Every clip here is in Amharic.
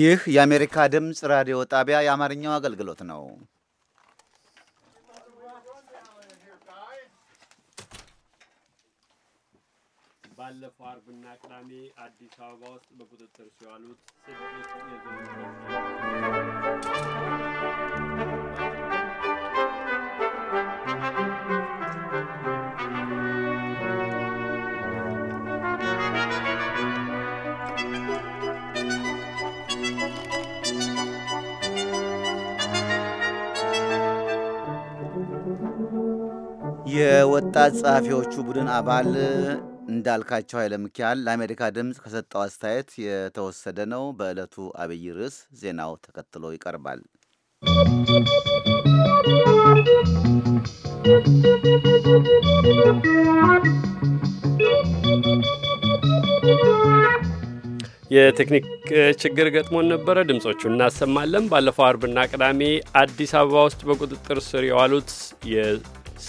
ይህ የአሜሪካ ድምፅ ራዲዮ ጣቢያ የአማርኛው አገልግሎት ነው። ባለፈው አርብና ቅዳሜ አዲስ አበባ ውስጥ በቁጥጥር ሲዋሉት የወጣት ጸሐፊዎቹ ቡድን አባል እንዳልካቸው ኃይለ ሚካኤል ለአሜሪካ ድምፅ ከሰጠው አስተያየት የተወሰደ ነው። በዕለቱ አብይ ርዕስ ዜናው ተከትሎ ይቀርባል። የቴክኒክ ችግር ገጥሞን ነበረ። ድምጾቹ እናሰማለን። ባለፈው አርብና ቅዳሜ አዲስ አበባ ውስጥ በቁጥጥር ስር የዋሉት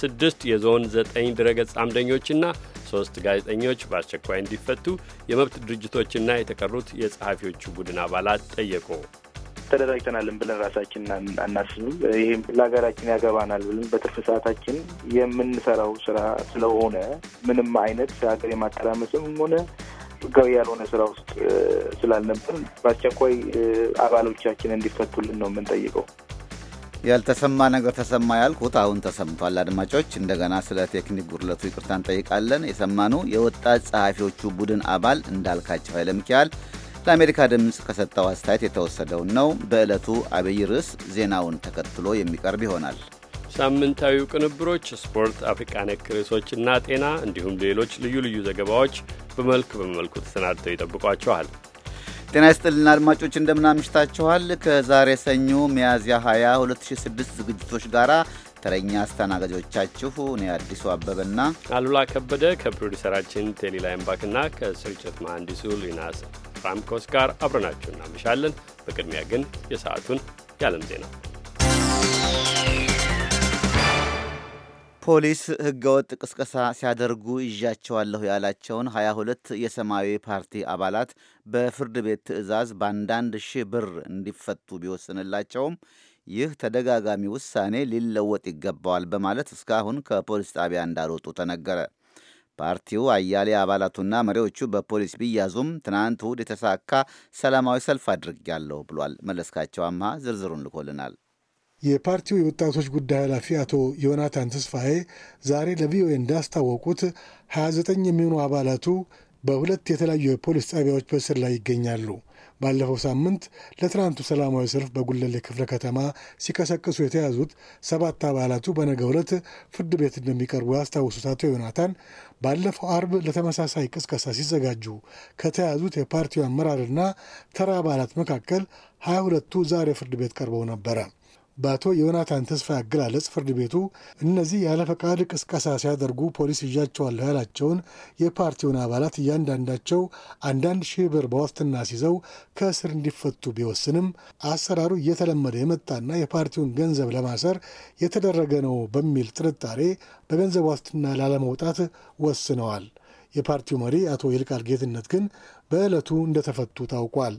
ስድስት የዞን ዘጠኝ ድረገጽ አምደኞችና ሶስት ጋዜጠኞች በአስቸኳይ እንዲፈቱ የመብት ድርጅቶችና የተቀሩት የጸሐፊዎቹ ቡድን አባላት ጠየቁ። ተደራጅተናልን ብለን ራሳችን አናስብም። ይህም ለሀገራችን ያገባናል ብለን በትርፍ ሰዓታችን የምንሰራው ስራ ስለሆነ ምንም አይነት ሀገር የማተራመስም ሆነ ህጋዊ ያልሆነ ስራ ውስጥ ስላልነበር በአስቸኳይ አባሎቻችን እንዲፈቱልን ነው የምንጠይቀው። ያልተሰማ ነገር ተሰማ ያልኩት አሁን ተሰምቷል። አድማጮች እንደገና ስለ ቴክኒክ ጉድለቱ ይቅርታ እንጠይቃለን። የሰማኑ የወጣት ጸሐፊዎቹ ቡድን አባል እንዳልካቸው ኃይለ ለአሜሪካ ድምፅ ከሰጠው አስተያየት የተወሰደውን ነው። በዕለቱ አብይ ርዕስ ዜናውን ተከትሎ የሚቀርብ ይሆናል። ሳምንታዊ ቅንብሮች፣ ስፖርት፣ አፍሪቃ ነክ ርዕሶችና ጤና እንዲሁም ሌሎች ልዩ ልዩ ዘገባዎች በመልክ በመልኩ ተሰናድተው ይጠብቋቸዋል። ጤና ይስጥልና አድማጮች እንደምናምሽታችኋል። ከዛሬ ሰኞ ሚያዝያ 20 2006 ዝግጅቶች ጋር ተረኛ አስተናጋጆቻችሁ እኔ አዲሱ አበበና አሉላ ከበደ ከፕሮዲሰራችን ቴሌላይምባክና ከስርጭት መሐንዲሱ ሊናስ ራምኮስ ጋር አብረናችሁ እናመሻለን። በቅድሚያ ግን የሰዓቱን የዓለም ዜና ፖሊስ ህገወጥ ቅስቀሳ ሲያደርጉ ይዣቸዋለሁ ያላቸውን 22 የሰማያዊ ፓርቲ አባላት በፍርድ ቤት ትዕዛዝ በአንዳንድ ሺህ ብር እንዲፈቱ ቢወስንላቸውም ይህ ተደጋጋሚ ውሳኔ ሊለወጥ ይገባዋል በማለት እስካሁን ከፖሊስ ጣቢያ እንዳልወጡ ተነገረ። ፓርቲው አያሌ አባላቱና መሪዎቹ በፖሊስ ቢያዙም ትናንት እሁድ የተሳካ ሰላማዊ ሰልፍ አድርጌያለሁ ብሏል። መለስካቸው አምሃ ዝርዝሩን ልኮልናል። የፓርቲው የወጣቶች ጉዳይ ኃላፊ አቶ ዮናታን ተስፋዬ ዛሬ ለቪኦኤ እንዳስታወቁት 29 የሚሆኑ አባላቱ በሁለት የተለያዩ የፖሊስ ጣቢያዎች በእስር ላይ ይገኛሉ። ባለፈው ሳምንት ለትናንቱ ሰላማዊ ሰልፍ በጉለሌ ክፍለ ከተማ ሲቀሰቅሱ የተያዙት ሰባት አባላቱ በነገ ዕለት ፍርድ ቤት እንደሚቀርቡ ያስታውሱት አቶ ዮናታን ባለፈው አርብ ለተመሳሳይ ቅስቀሳ ሲዘጋጁ ከተያዙት የፓርቲው አመራርና ተራ አባላት መካከል ሀያ ሁለቱ ዛሬ ፍርድ ቤት ቀርበው ነበረ። በአቶ ዮናታን ተስፋ አገላለጽ ፍርድ ቤቱ እነዚህ ያለ ፈቃድ ቅስቀሳ ሲያደርጉ ፖሊስ ይዣቸዋለሁ ያላቸውን የፓርቲውን አባላት እያንዳንዳቸው አንዳንድ ሺህ ብር በዋስትና ሲዘው ከእስር እንዲፈቱ ቢወስንም አሰራሩ እየተለመደ የመጣና የፓርቲውን ገንዘብ ለማሰር የተደረገ ነው በሚል ጥርጣሬ በገንዘብ ዋስትና ላለመውጣት ወስነዋል። የፓርቲው መሪ አቶ ይልቃል ጌትነት ግን በዕለቱ እንደተፈቱ ታውቋል።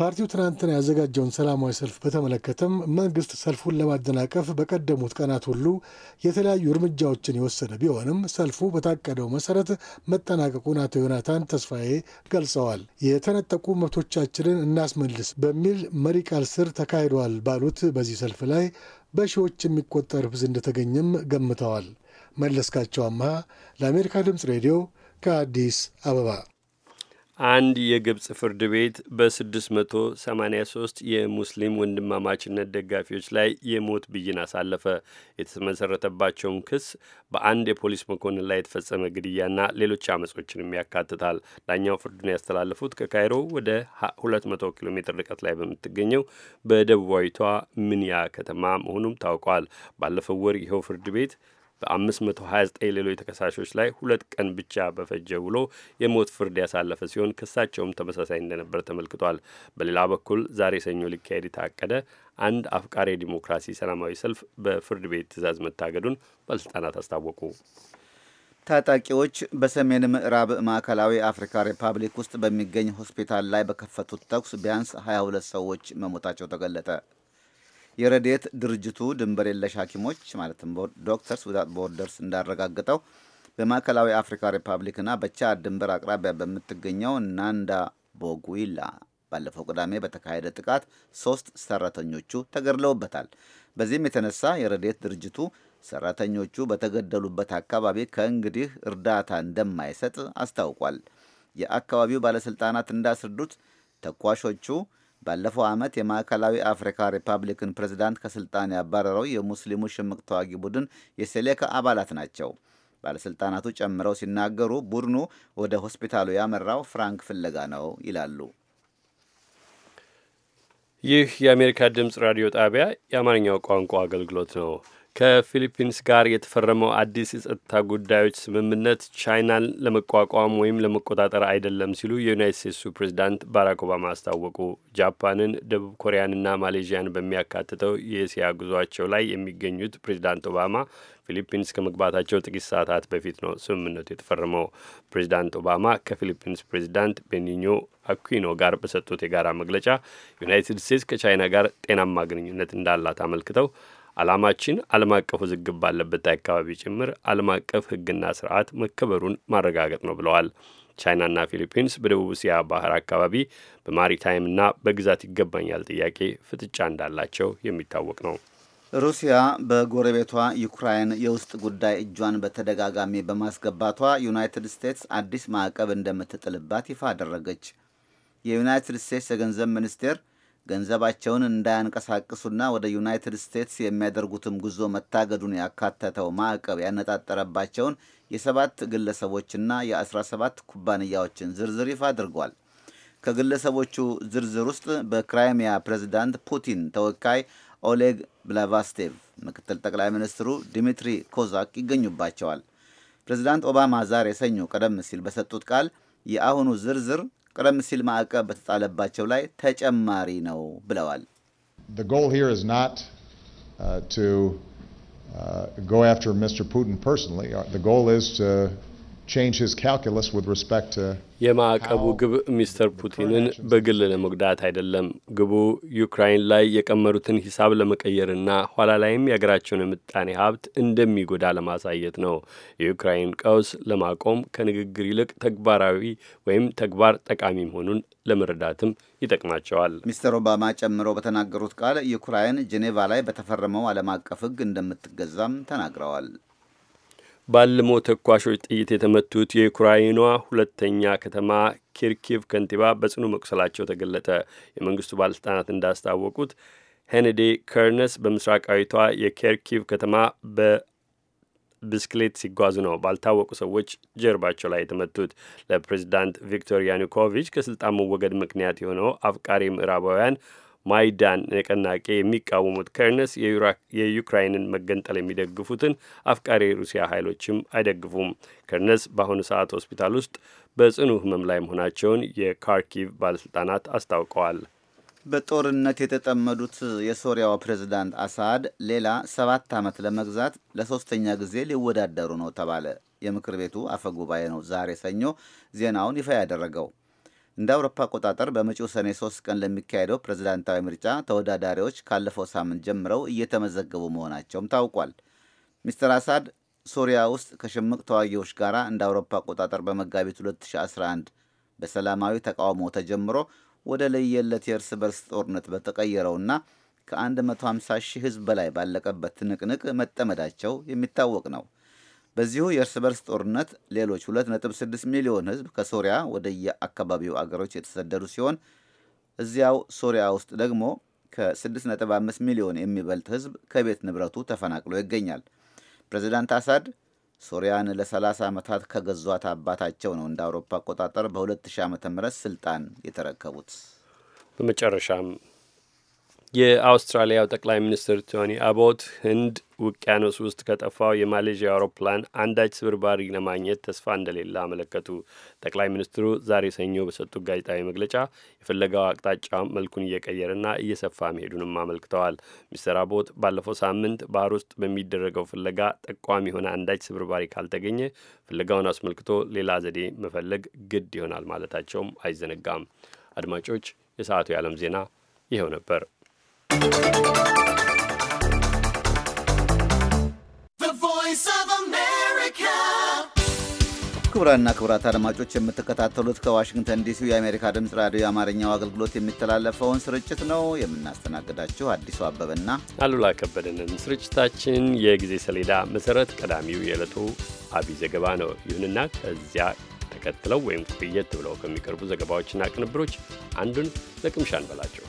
ፓርቲው ትናንትና ያዘጋጀውን ሰላማዊ ሰልፍ በተመለከተም መንግስት ሰልፉን ለማደናቀፍ በቀደሙት ቀናት ሁሉ የተለያዩ እርምጃዎችን የወሰደ ቢሆንም ሰልፉ በታቀደው መሰረት መጠናቀቁን አቶ ዮናታን ተስፋዬ ገልጸዋል። የተነጠቁ መብቶቻችንን እናስመልስ በሚል መሪ ቃል ስር ተካሂዷል ባሉት በዚህ ሰልፍ ላይ በሺዎች የሚቆጠር ህዝብ እንደተገኘም ገምተዋል። መለስካቸው አምሃ ለአሜሪካ ድምፅ ሬዲዮ ከአዲስ አበባ አንድ የግብፅ ፍርድ ቤት በ683 የሙስሊም ወንድማማችነት ደጋፊዎች ላይ የሞት ብይን አሳለፈ። የተመሰረተባቸውም ክስ በአንድ የፖሊስ መኮንን ላይ የተፈጸመ ግድያና ሌሎች አመጾችንም ያካትታል። ዳኛው ፍርዱን ያስተላለፉት ከካይሮ ወደ 200 ኪሎ ሜትር ርቀት ላይ በምትገኘው በደቡባዊቷ ምንያ ከተማ መሆኑም ታውቋል። ባለፈው ወር ይኸው ፍርድ ቤት በ529 ሌሎች ተከሳሾች ላይ ሁለት ቀን ብቻ በፈጀ ውሎ የሞት ፍርድ ያሳለፈ ሲሆን ክሳቸውም ተመሳሳይ እንደነበር ተመልክቷል። በሌላ በኩል ዛሬ ሰኞ ሊካሄድ የታቀደ አንድ አፍቃሪ ዲሞክራሲ ሰላማዊ ሰልፍ በፍርድ ቤት ትዕዛዝ መታገዱን ባለሥልጣናት አስታወቁ። ታጣቂዎች በሰሜን ምዕራብ ማዕከላዊ አፍሪካ ሪፐብሊክ ውስጥ በሚገኝ ሆስፒታል ላይ በከፈቱት ተኩስ ቢያንስ 22 ሰዎች መሞታቸው ተገለጠ። የረዴት ድርጅቱ ድንበር የለሽ ሐኪሞች ማለትም ዶክተርስ ዊዛውት ቦርደርስ እንዳረጋገጠው በማዕከላዊ አፍሪካ ሪፐብሊክና በቻድ ድንበር አቅራቢያ በምትገኘው ናንዳ ቦጉይላ ባለፈው ቅዳሜ በተካሄደ ጥቃት ሶስት ሰራተኞቹ ተገድለውበታል። በዚህም የተነሳ የረዴት ድርጅቱ ሰራተኞቹ በተገደሉበት አካባቢ ከእንግዲህ እርዳታ እንደማይሰጥ አስታውቋል። የአካባቢው ባለሥልጣናት እንዳስረዱት ተኳሾቹ ባለፈው ዓመት የማዕከላዊ አፍሪካ ሪፐብሊክን ፕሬዝዳንት ከስልጣን ያባረረው የሙስሊሙ ሽምቅ ተዋጊ ቡድን የሴሌካ አባላት ናቸው። ባለሥልጣናቱ ጨምረው ሲናገሩ ቡድኑ ወደ ሆስፒታሉ ያመራው ፍራንክ ፍለጋ ነው ይላሉ። ይህ የአሜሪካ ድምፅ ራዲዮ ጣቢያ የአማርኛው ቋንቋ አገልግሎት ነው። ከፊሊፒንስ ጋር የተፈረመው አዲስ የጸጥታ ጉዳዮች ስምምነት ቻይናን ለመቋቋም ወይም ለመቆጣጠር አይደለም ሲሉ የዩናይት ስቴትሱ ፕሬዚዳንት ባራክ ኦባማ አስታወቁ። ጃፓንን፣ ደቡብ ኮሪያንና ማሌዥያን በሚያካትተው የእስያ ጉዟቸው ላይ የሚገኙት ፕሬዚዳንት ኦባማ ፊሊፒንስ ከመግባታቸው ጥቂት ሰዓታት በፊት ነው ስምምነቱ የተፈረመው። ፕሬዚዳንት ኦባማ ከፊሊፒንስ ፕሬዚዳንት ቤኒኞ አኩኖ ጋር በሰጡት የጋራ መግለጫ ዩናይትድ ስቴትስ ከቻይና ጋር ጤናማ ግንኙነት እንዳላት አመልክተው ዓላማችን ዓለም አቀፍ ውዝግብ ባለበት አካባቢ ጭምር ዓለም አቀፍ ሕግና ስርዓት መከበሩን ማረጋገጥ ነው ብለዋል። ቻይናና ፊሊፒንስ በደቡብ እስያ ባህር አካባቢ በማሪታይምና በግዛት ይገባኛል ጥያቄ ፍጥጫ እንዳላቸው የሚታወቅ ነው። ሩሲያ በጎረቤቷ ዩክራይን የውስጥ ጉዳይ እጇን በተደጋጋሚ በማስገባቷ ዩናይትድ ስቴትስ አዲስ ማዕቀብ እንደምትጥልባት ይፋ አደረገች። የዩናይትድ ስቴትስ የገንዘብ ሚኒስቴር ገንዘባቸውን እንዳያንቀሳቅሱና ወደ ዩናይትድ ስቴትስ የሚያደርጉትም ጉዞ መታገዱን ያካተተው ማዕቀብ ያነጣጠረባቸውን የሰባት ግለሰቦችና የ17 ኩባንያዎችን ዝርዝር ይፋ አድርጓል። ከግለሰቦቹ ዝርዝር ውስጥ በክራይሚያ ፕሬዚዳንት ፑቲን ተወካይ ኦሌግ ብላቫስቴቭ፣ ምክትል ጠቅላይ ሚኒስትሩ ዲሚትሪ ኮዛክ ይገኙባቸዋል። ፕሬዚዳንት ኦባማ ዛሬ ሰኞ ቀደም ሲል በሰጡት ቃል የአሁኑ ዝርዝር The goal here is not uh, to uh, go after Mr. Putin personally. Uh, the goal is to የማዕቀቡ ግብ ሚስተር ፑቲንን በግል ለመጉዳት አይደለም። ግቡ ዩክራይን ላይ የቀመሩትን ሂሳብ ለመቀየርና ኋላ ላይም የሀገራቸውን የምጣኔ ሀብት እንደሚጎዳ ለማሳየት ነው። የዩክራይን ቀውስ ለማቆም ከንግግር ይልቅ ተግባራዊ ወይም ተግባር ጠቃሚ መሆኑን ለመረዳትም ይጠቅማቸዋል። ሚስተር ኦባማ ጨምረው በተናገሩት ቃል ዩክራይን ጄኔቫ ላይ በተፈረመው ዓለም አቀፍ ሕግ እንደምትገዛም ተናግረዋል። ባልሞ ተኳሾች ጥይት የተመቱት የዩክራይኗ ሁለተኛ ከተማ ኪርኪቭ ከንቲባ በጽኑ መቁሰላቸው ተገለጠ። የመንግስቱ ባለስልጣናት እንዳስታወቁት ሄነዴ ከርነስ በምስራቃዊቷ የኬርኪቭ ከተማ በብስክሌት ሲጓዙ ነው ባልታወቁ ሰዎች ጀርባቸው ላይ የተመቱት። ለፕሬዚዳንት ቪክቶር ያኑኮቪች ከስልጣን መወገድ ምክንያት የሆነው አፍቃሪ ምዕራባውያን ማይዳን ንቅናቄ የሚቃወሙት ከርነስ የዩክራይንን መገንጠል የሚደግፉትን አፍቃሪ ሩሲያ ኃይሎችም አይደግፉም። ከርነስ በአሁኑ ሰዓት ሆስፒታል ውስጥ በጽኑ ህመም ላይ መሆናቸውን የካርኪቭ ባለሥልጣናት አስታውቀዋል። በጦርነት የተጠመዱት የሶሪያው ፕሬዝዳንት አሳድ ሌላ ሰባት ዓመት ለመግዛት ለሶስተኛ ጊዜ ሊወዳደሩ ነው ተባለ። የምክር ቤቱ አፈጉባኤ ነው ዛሬ ሰኞ ዜናውን ይፋ ያደረገው። እንደ አውሮፓ አቆጣጠር በመጪው ሰኔ ሶስት ቀን ለሚካሄደው ፕሬዝዳንታዊ ምርጫ ተወዳዳሪዎች ካለፈው ሳምንት ጀምረው እየተመዘገቡ መሆናቸውም ታውቋል። ሚስተር አሳድ ሶሪያ ውስጥ ከሽምቅ ተዋጊዎች ጋር እንደ አውሮፓ አቆጣጠር በመጋቢት 2011 በሰላማዊ ተቃውሞ ተጀምሮ ወደ ለየለት የእርስ በርስ ጦርነት በተቀየረውና ከ150 ሺህ ሕዝብ በላይ ባለቀበት ትንቅንቅ መጠመዳቸው የሚታወቅ ነው። በዚሁ የእርስ በርስ ጦርነት ሌሎች 2.6 ሚሊዮን ህዝብ ከሶሪያ ወደ የአካባቢው አገሮች የተሰደዱ ሲሆን እዚያው ሶሪያ ውስጥ ደግሞ ከ6.5 ሚሊዮን የሚበልጥ ህዝብ ከቤት ንብረቱ ተፈናቅሎ ይገኛል። ፕሬዚዳንት አሳድ ሶሪያን ለ30 ዓመታት ከገዟት አባታቸው ነው እንደ አውሮፓ አቆጣጠር በ2000 ዓ ም ስልጣን የተረከቡት። በመጨረሻም የአውስትራሊያው ጠቅላይ ሚኒስትር ቶኒ አቦት ህንድ ውቅያኖስ ውስጥ ከጠፋው የማሌዥያ አውሮፕላን አንዳች ስብርባሪ ለማግኘት ተስፋ እንደሌለ አመለከቱ። ጠቅላይ ሚኒስትሩ ዛሬ ሰኞ በሰጡት ጋዜጣዊ መግለጫ የፍለጋው አቅጣጫ መልኩን እየቀየረና እየሰፋ መሄዱንም አመልክተዋል። ሚስተር አቦት ባለፈው ሳምንት ባህር ውስጥ በሚደረገው ፍለጋ ጠቋሚ የሆነ አንዳች ስብርባሪ ካልተገኘ ፍለጋውን አስመልክቶ ሌላ ዘዴ መፈለግ ግድ ይሆናል ማለታቸውም አይዘነጋም። አድማጮች፣ የሰዓቱ የዓለም ዜና ይኸው ነበር። ክቡራና ክቡራት አድማጮች የምትከታተሉት ከዋሽንግተን ዲሲ የአሜሪካ ድምፅ ራዲዮ የአማርኛው አገልግሎት የሚተላለፈውን ስርጭት ነው። የምናስተናግዳችሁ አዲሱ አበበና አሉላ ከበደንን። ስርጭታችን የጊዜ ሰሌዳ መሰረት ቀዳሚው የዕለቱ አብይ ዘገባ ነው። ይሁንና ከዚያ ተከትለው ወይም ቆየት ብለው ከሚቀርቡ ዘገባዎችና ቅንብሮች አንዱን ለቅምሻ እንበላቸው።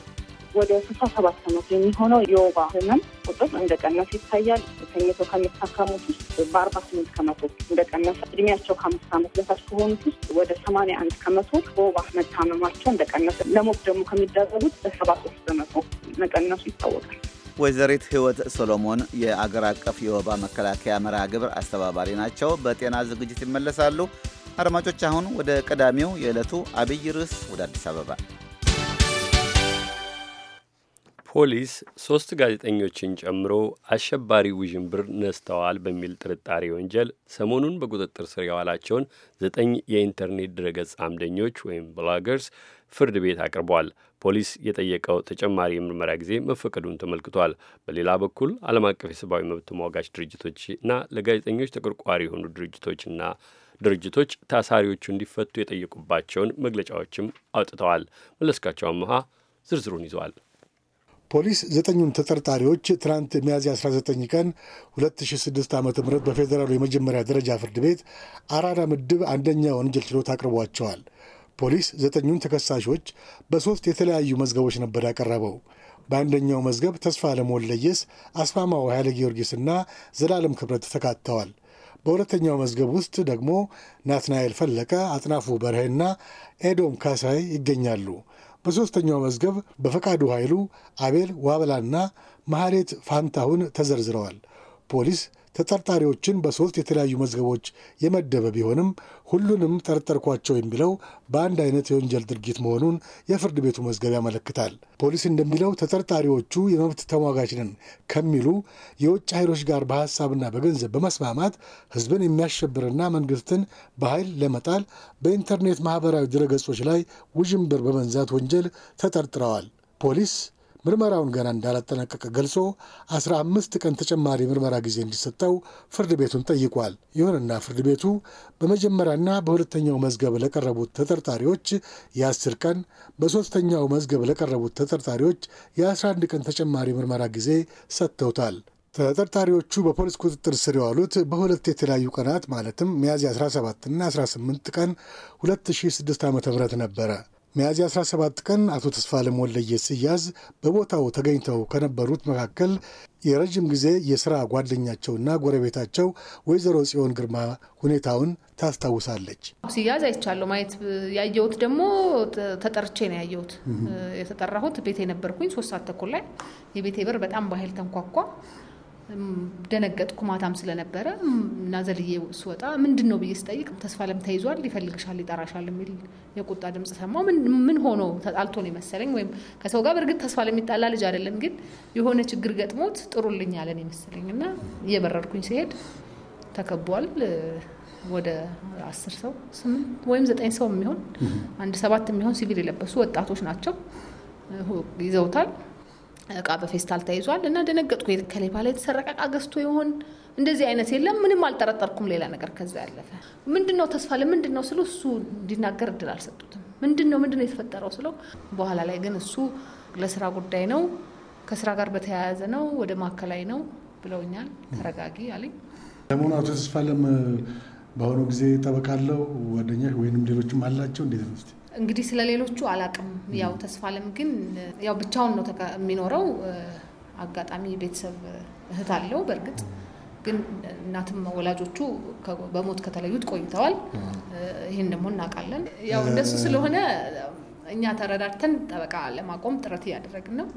ወደ ስልሳ ሰባት ከመቶ የሚሆነው የወባ ህመም ቁጥር እንደቀነሰ ይታያል። ተኝቶ ከሚታከሙት ውስጥ በአርባ ስምንት ከመቶ እንደቀነሰ፣ እድሜያቸው ከአምስት ዓመት በታች ከሆኑት ውስጥ ወደ ሰማንያ አንድ ከመቶ በወባ መታመማቸው እንደቀነሰ፣ ለሞት ደግሞ ከሚደረጉት በሰባ ሶስት ከመቶ መቀነሱ ይታወቃል። ወይዘሪት ህይወት ሶሎሞን የአገር አቀፍ የወባ መከላከያ መርሃ ግብር አስተባባሪ ናቸው። በጤና ዝግጅት ይመለሳሉ። አድማጮች፣ አሁን ወደ ቀዳሚው የዕለቱ አብይ ርዕስ ወደ አዲስ አበባ ፖሊስ ሶስት ጋዜጠኞችን ጨምሮ አሸባሪ ውዥንብር ነስተዋል በሚል ጥርጣሬ ወንጀል ሰሞኑን በቁጥጥር ስር የዋላቸውን ዘጠኝ የኢንተርኔት ድረገጽ አምደኞች ወይም ብሎገርስ ፍርድ ቤት አቅርቧል። ፖሊስ የጠየቀው ተጨማሪ የምርመራ ጊዜ መፈቀዱን ተመልክቷል። በሌላ በኩል ዓለም አቀፍ የሰብአዊ መብት ተሟጋች ድርጅቶችና ለጋዜጠኞች ተቆርቋሪ የሆኑ ድርጅቶችና ድርጅቶች ታሳሪዎቹ እንዲፈቱ የጠየቁባቸውን መግለጫዎችም አውጥተዋል። መለስካቸው አመሃ ዝርዝሩን ይዘዋል። ፖሊስ ዘጠኙን ተጠርጣሪዎች ትናንት ሚያዝያ 19 ቀን 2006 ዓ ም በፌዴራሉ የመጀመሪያ ደረጃ ፍርድ ቤት አራዳ ምድብ አንደኛ ወንጀል ችሎት አቅርቧቸዋል። ፖሊስ ዘጠኙን ተከሳሾች በሦስት የተለያዩ መዝገቦች ነበር ያቀረበው። በአንደኛው መዝገብ ተስፋ ለመወለየስ፣ አስማማው ኃይለ ጊዮርጊስና ዘላለም ክብረት ተካተዋል። በሁለተኛው መዝገብ ውስጥ ደግሞ ናትናኤል ፈለቀ፣ አጥናፉ በርሄና ኤዶም ካሳይ ይገኛሉ። በሦስተኛው መዝገብ በፈቃዱ ኃይሉ፣ አቤል ዋበላና መሐሌት ፋንታሁን ተዘርዝረዋል። ፖሊስ ተጠርጣሪዎችን በሦስት የተለያዩ መዝገቦች የመደበ ቢሆንም ሁሉንም ጠረጠርኳቸው የሚለው በአንድ አይነት የወንጀል ድርጊት መሆኑን የፍርድ ቤቱ መዝገብ ያመለክታል። ፖሊስ እንደሚለው ተጠርጣሪዎቹ የመብት ተሟጋች ነን ከሚሉ የውጭ ኃይሎች ጋር በሀሳብና በገንዘብ በመስማማት ህዝብን የሚያሸብርና መንግስትን በኃይል ለመጣል በኢንተርኔት ማህበራዊ ድረገጾች ላይ ውዥንብር በመንዛት ወንጀል ተጠርጥረዋል። ፖሊስ ምርመራውን ገና እንዳላጠናቀቀ ገልጾ አስራ አምስት ቀን ተጨማሪ ምርመራ ጊዜ እንዲሰጠው ፍርድ ቤቱን ጠይቋል። ይሁንና ፍርድ ቤቱ በመጀመሪያና በሁለተኛው መዝገብ ለቀረቡት ተጠርጣሪዎች የአስር ቀን በሦስተኛው መዝገብ ለቀረቡት ተጠርጣሪዎች የ11 ቀን ተጨማሪ ምርመራ ጊዜ ሰጥተውታል። ተጠርጣሪዎቹ በፖሊስ ቁጥጥር ስር የዋሉት በሁለት የተለያዩ ቀናት ማለትም ሚያዝያ 17ና 18 ቀን 2006 ዓ.ም ነበረ። ሚያዝያ 17 ቀን አቶ ተስፋ ለሞለየት ሲያዝ በቦታው ተገኝተው ከነበሩት መካከል የረዥም ጊዜ የሥራ ጓደኛቸውና ጎረቤታቸው ወይዘሮ ጽዮን ግርማ ሁኔታውን ታስታውሳለች። ሲያዝ አይቻለሁ። ማየት ያየሁት ደግሞ ተጠርቼ ነው ያየሁት። የተጠራሁት ቤቴ ነበርኩኝ። ሶስት ሰዓት ተኩል ላይ የቤቴ በር በጣም በኃይል ተንኳኳ። ደነገጥኩ። ማታም ስለነበረ እና ዘልዬ ስወጣ ምንድን ነው ብዬ ስጠይቅ ተስፋ ለም ተይዟል፣ ይፈልግሻል፣ ይጠራሻል የሚል የቁጣ ድምጽ ሰማሁ። ምን ሆኖ ተጣልቶ ነው የመሰለኝ ወይም ከሰው ጋር በእርግጥ ተስፋ ለሚጣላ ልጅ አይደለም፣ ግን የሆነ ችግር ገጥሞት ጥሩልኝ ያለን የመሰለኝ እና እየበረርኩኝ ሲሄድ ተከቧል። ወደ አስር ሰው ስምንት ወይም ዘጠኝ ሰው የሚሆን አንድ ሰባት የሚሆን ሲቪል የለበሱ ወጣቶች ናቸው ይዘውታል። እቃ በፌስታል ተይዟል እና ደነገጥኩ። ከሌባ ባላ የተሰረቀ እቃ ገዝቶ ይሆን? እንደዚህ አይነት የለም። ምንም አልጠረጠርኩም። ሌላ ነገር ከዛ ያለፈ ምንድን ነው ተስፋ ለምንድን ነው ስለ እሱ እንዲናገር እድል አልሰጡትም። ምንድን ነው ምንድን ነው የተፈጠረው ስለው፣ በኋላ ላይ ግን እሱ ለስራ ጉዳይ ነው ከስራ ጋር በተያያዘ ነው ወደ ማዕከላዊ ነው ብለውኛል። ተረጋጊ አለኝ። ለመሆኑ አቶ ተስፋለም በአሁኑ ጊዜ ጠበቃለው ጓደኛ ወይንም ሌሎችም አላቸው እንዴት ነው? እንግዲህ ስለ ሌሎቹ አላቅም። ያው ተስፋ አለም ግን ያው ብቻውን ነው የሚኖረው። አጋጣሚ ቤተሰብ እህት አለው በእርግጥ ግን እናትም ወላጆቹ በሞት ከተለዩት ቆይተዋል። ይህን ደግሞ እናውቃለን። ያው እንደሱ ስለሆነ እኛ ተረዳድተን ጠበቃ ለማቆም ጥረት እያደረግን ነው።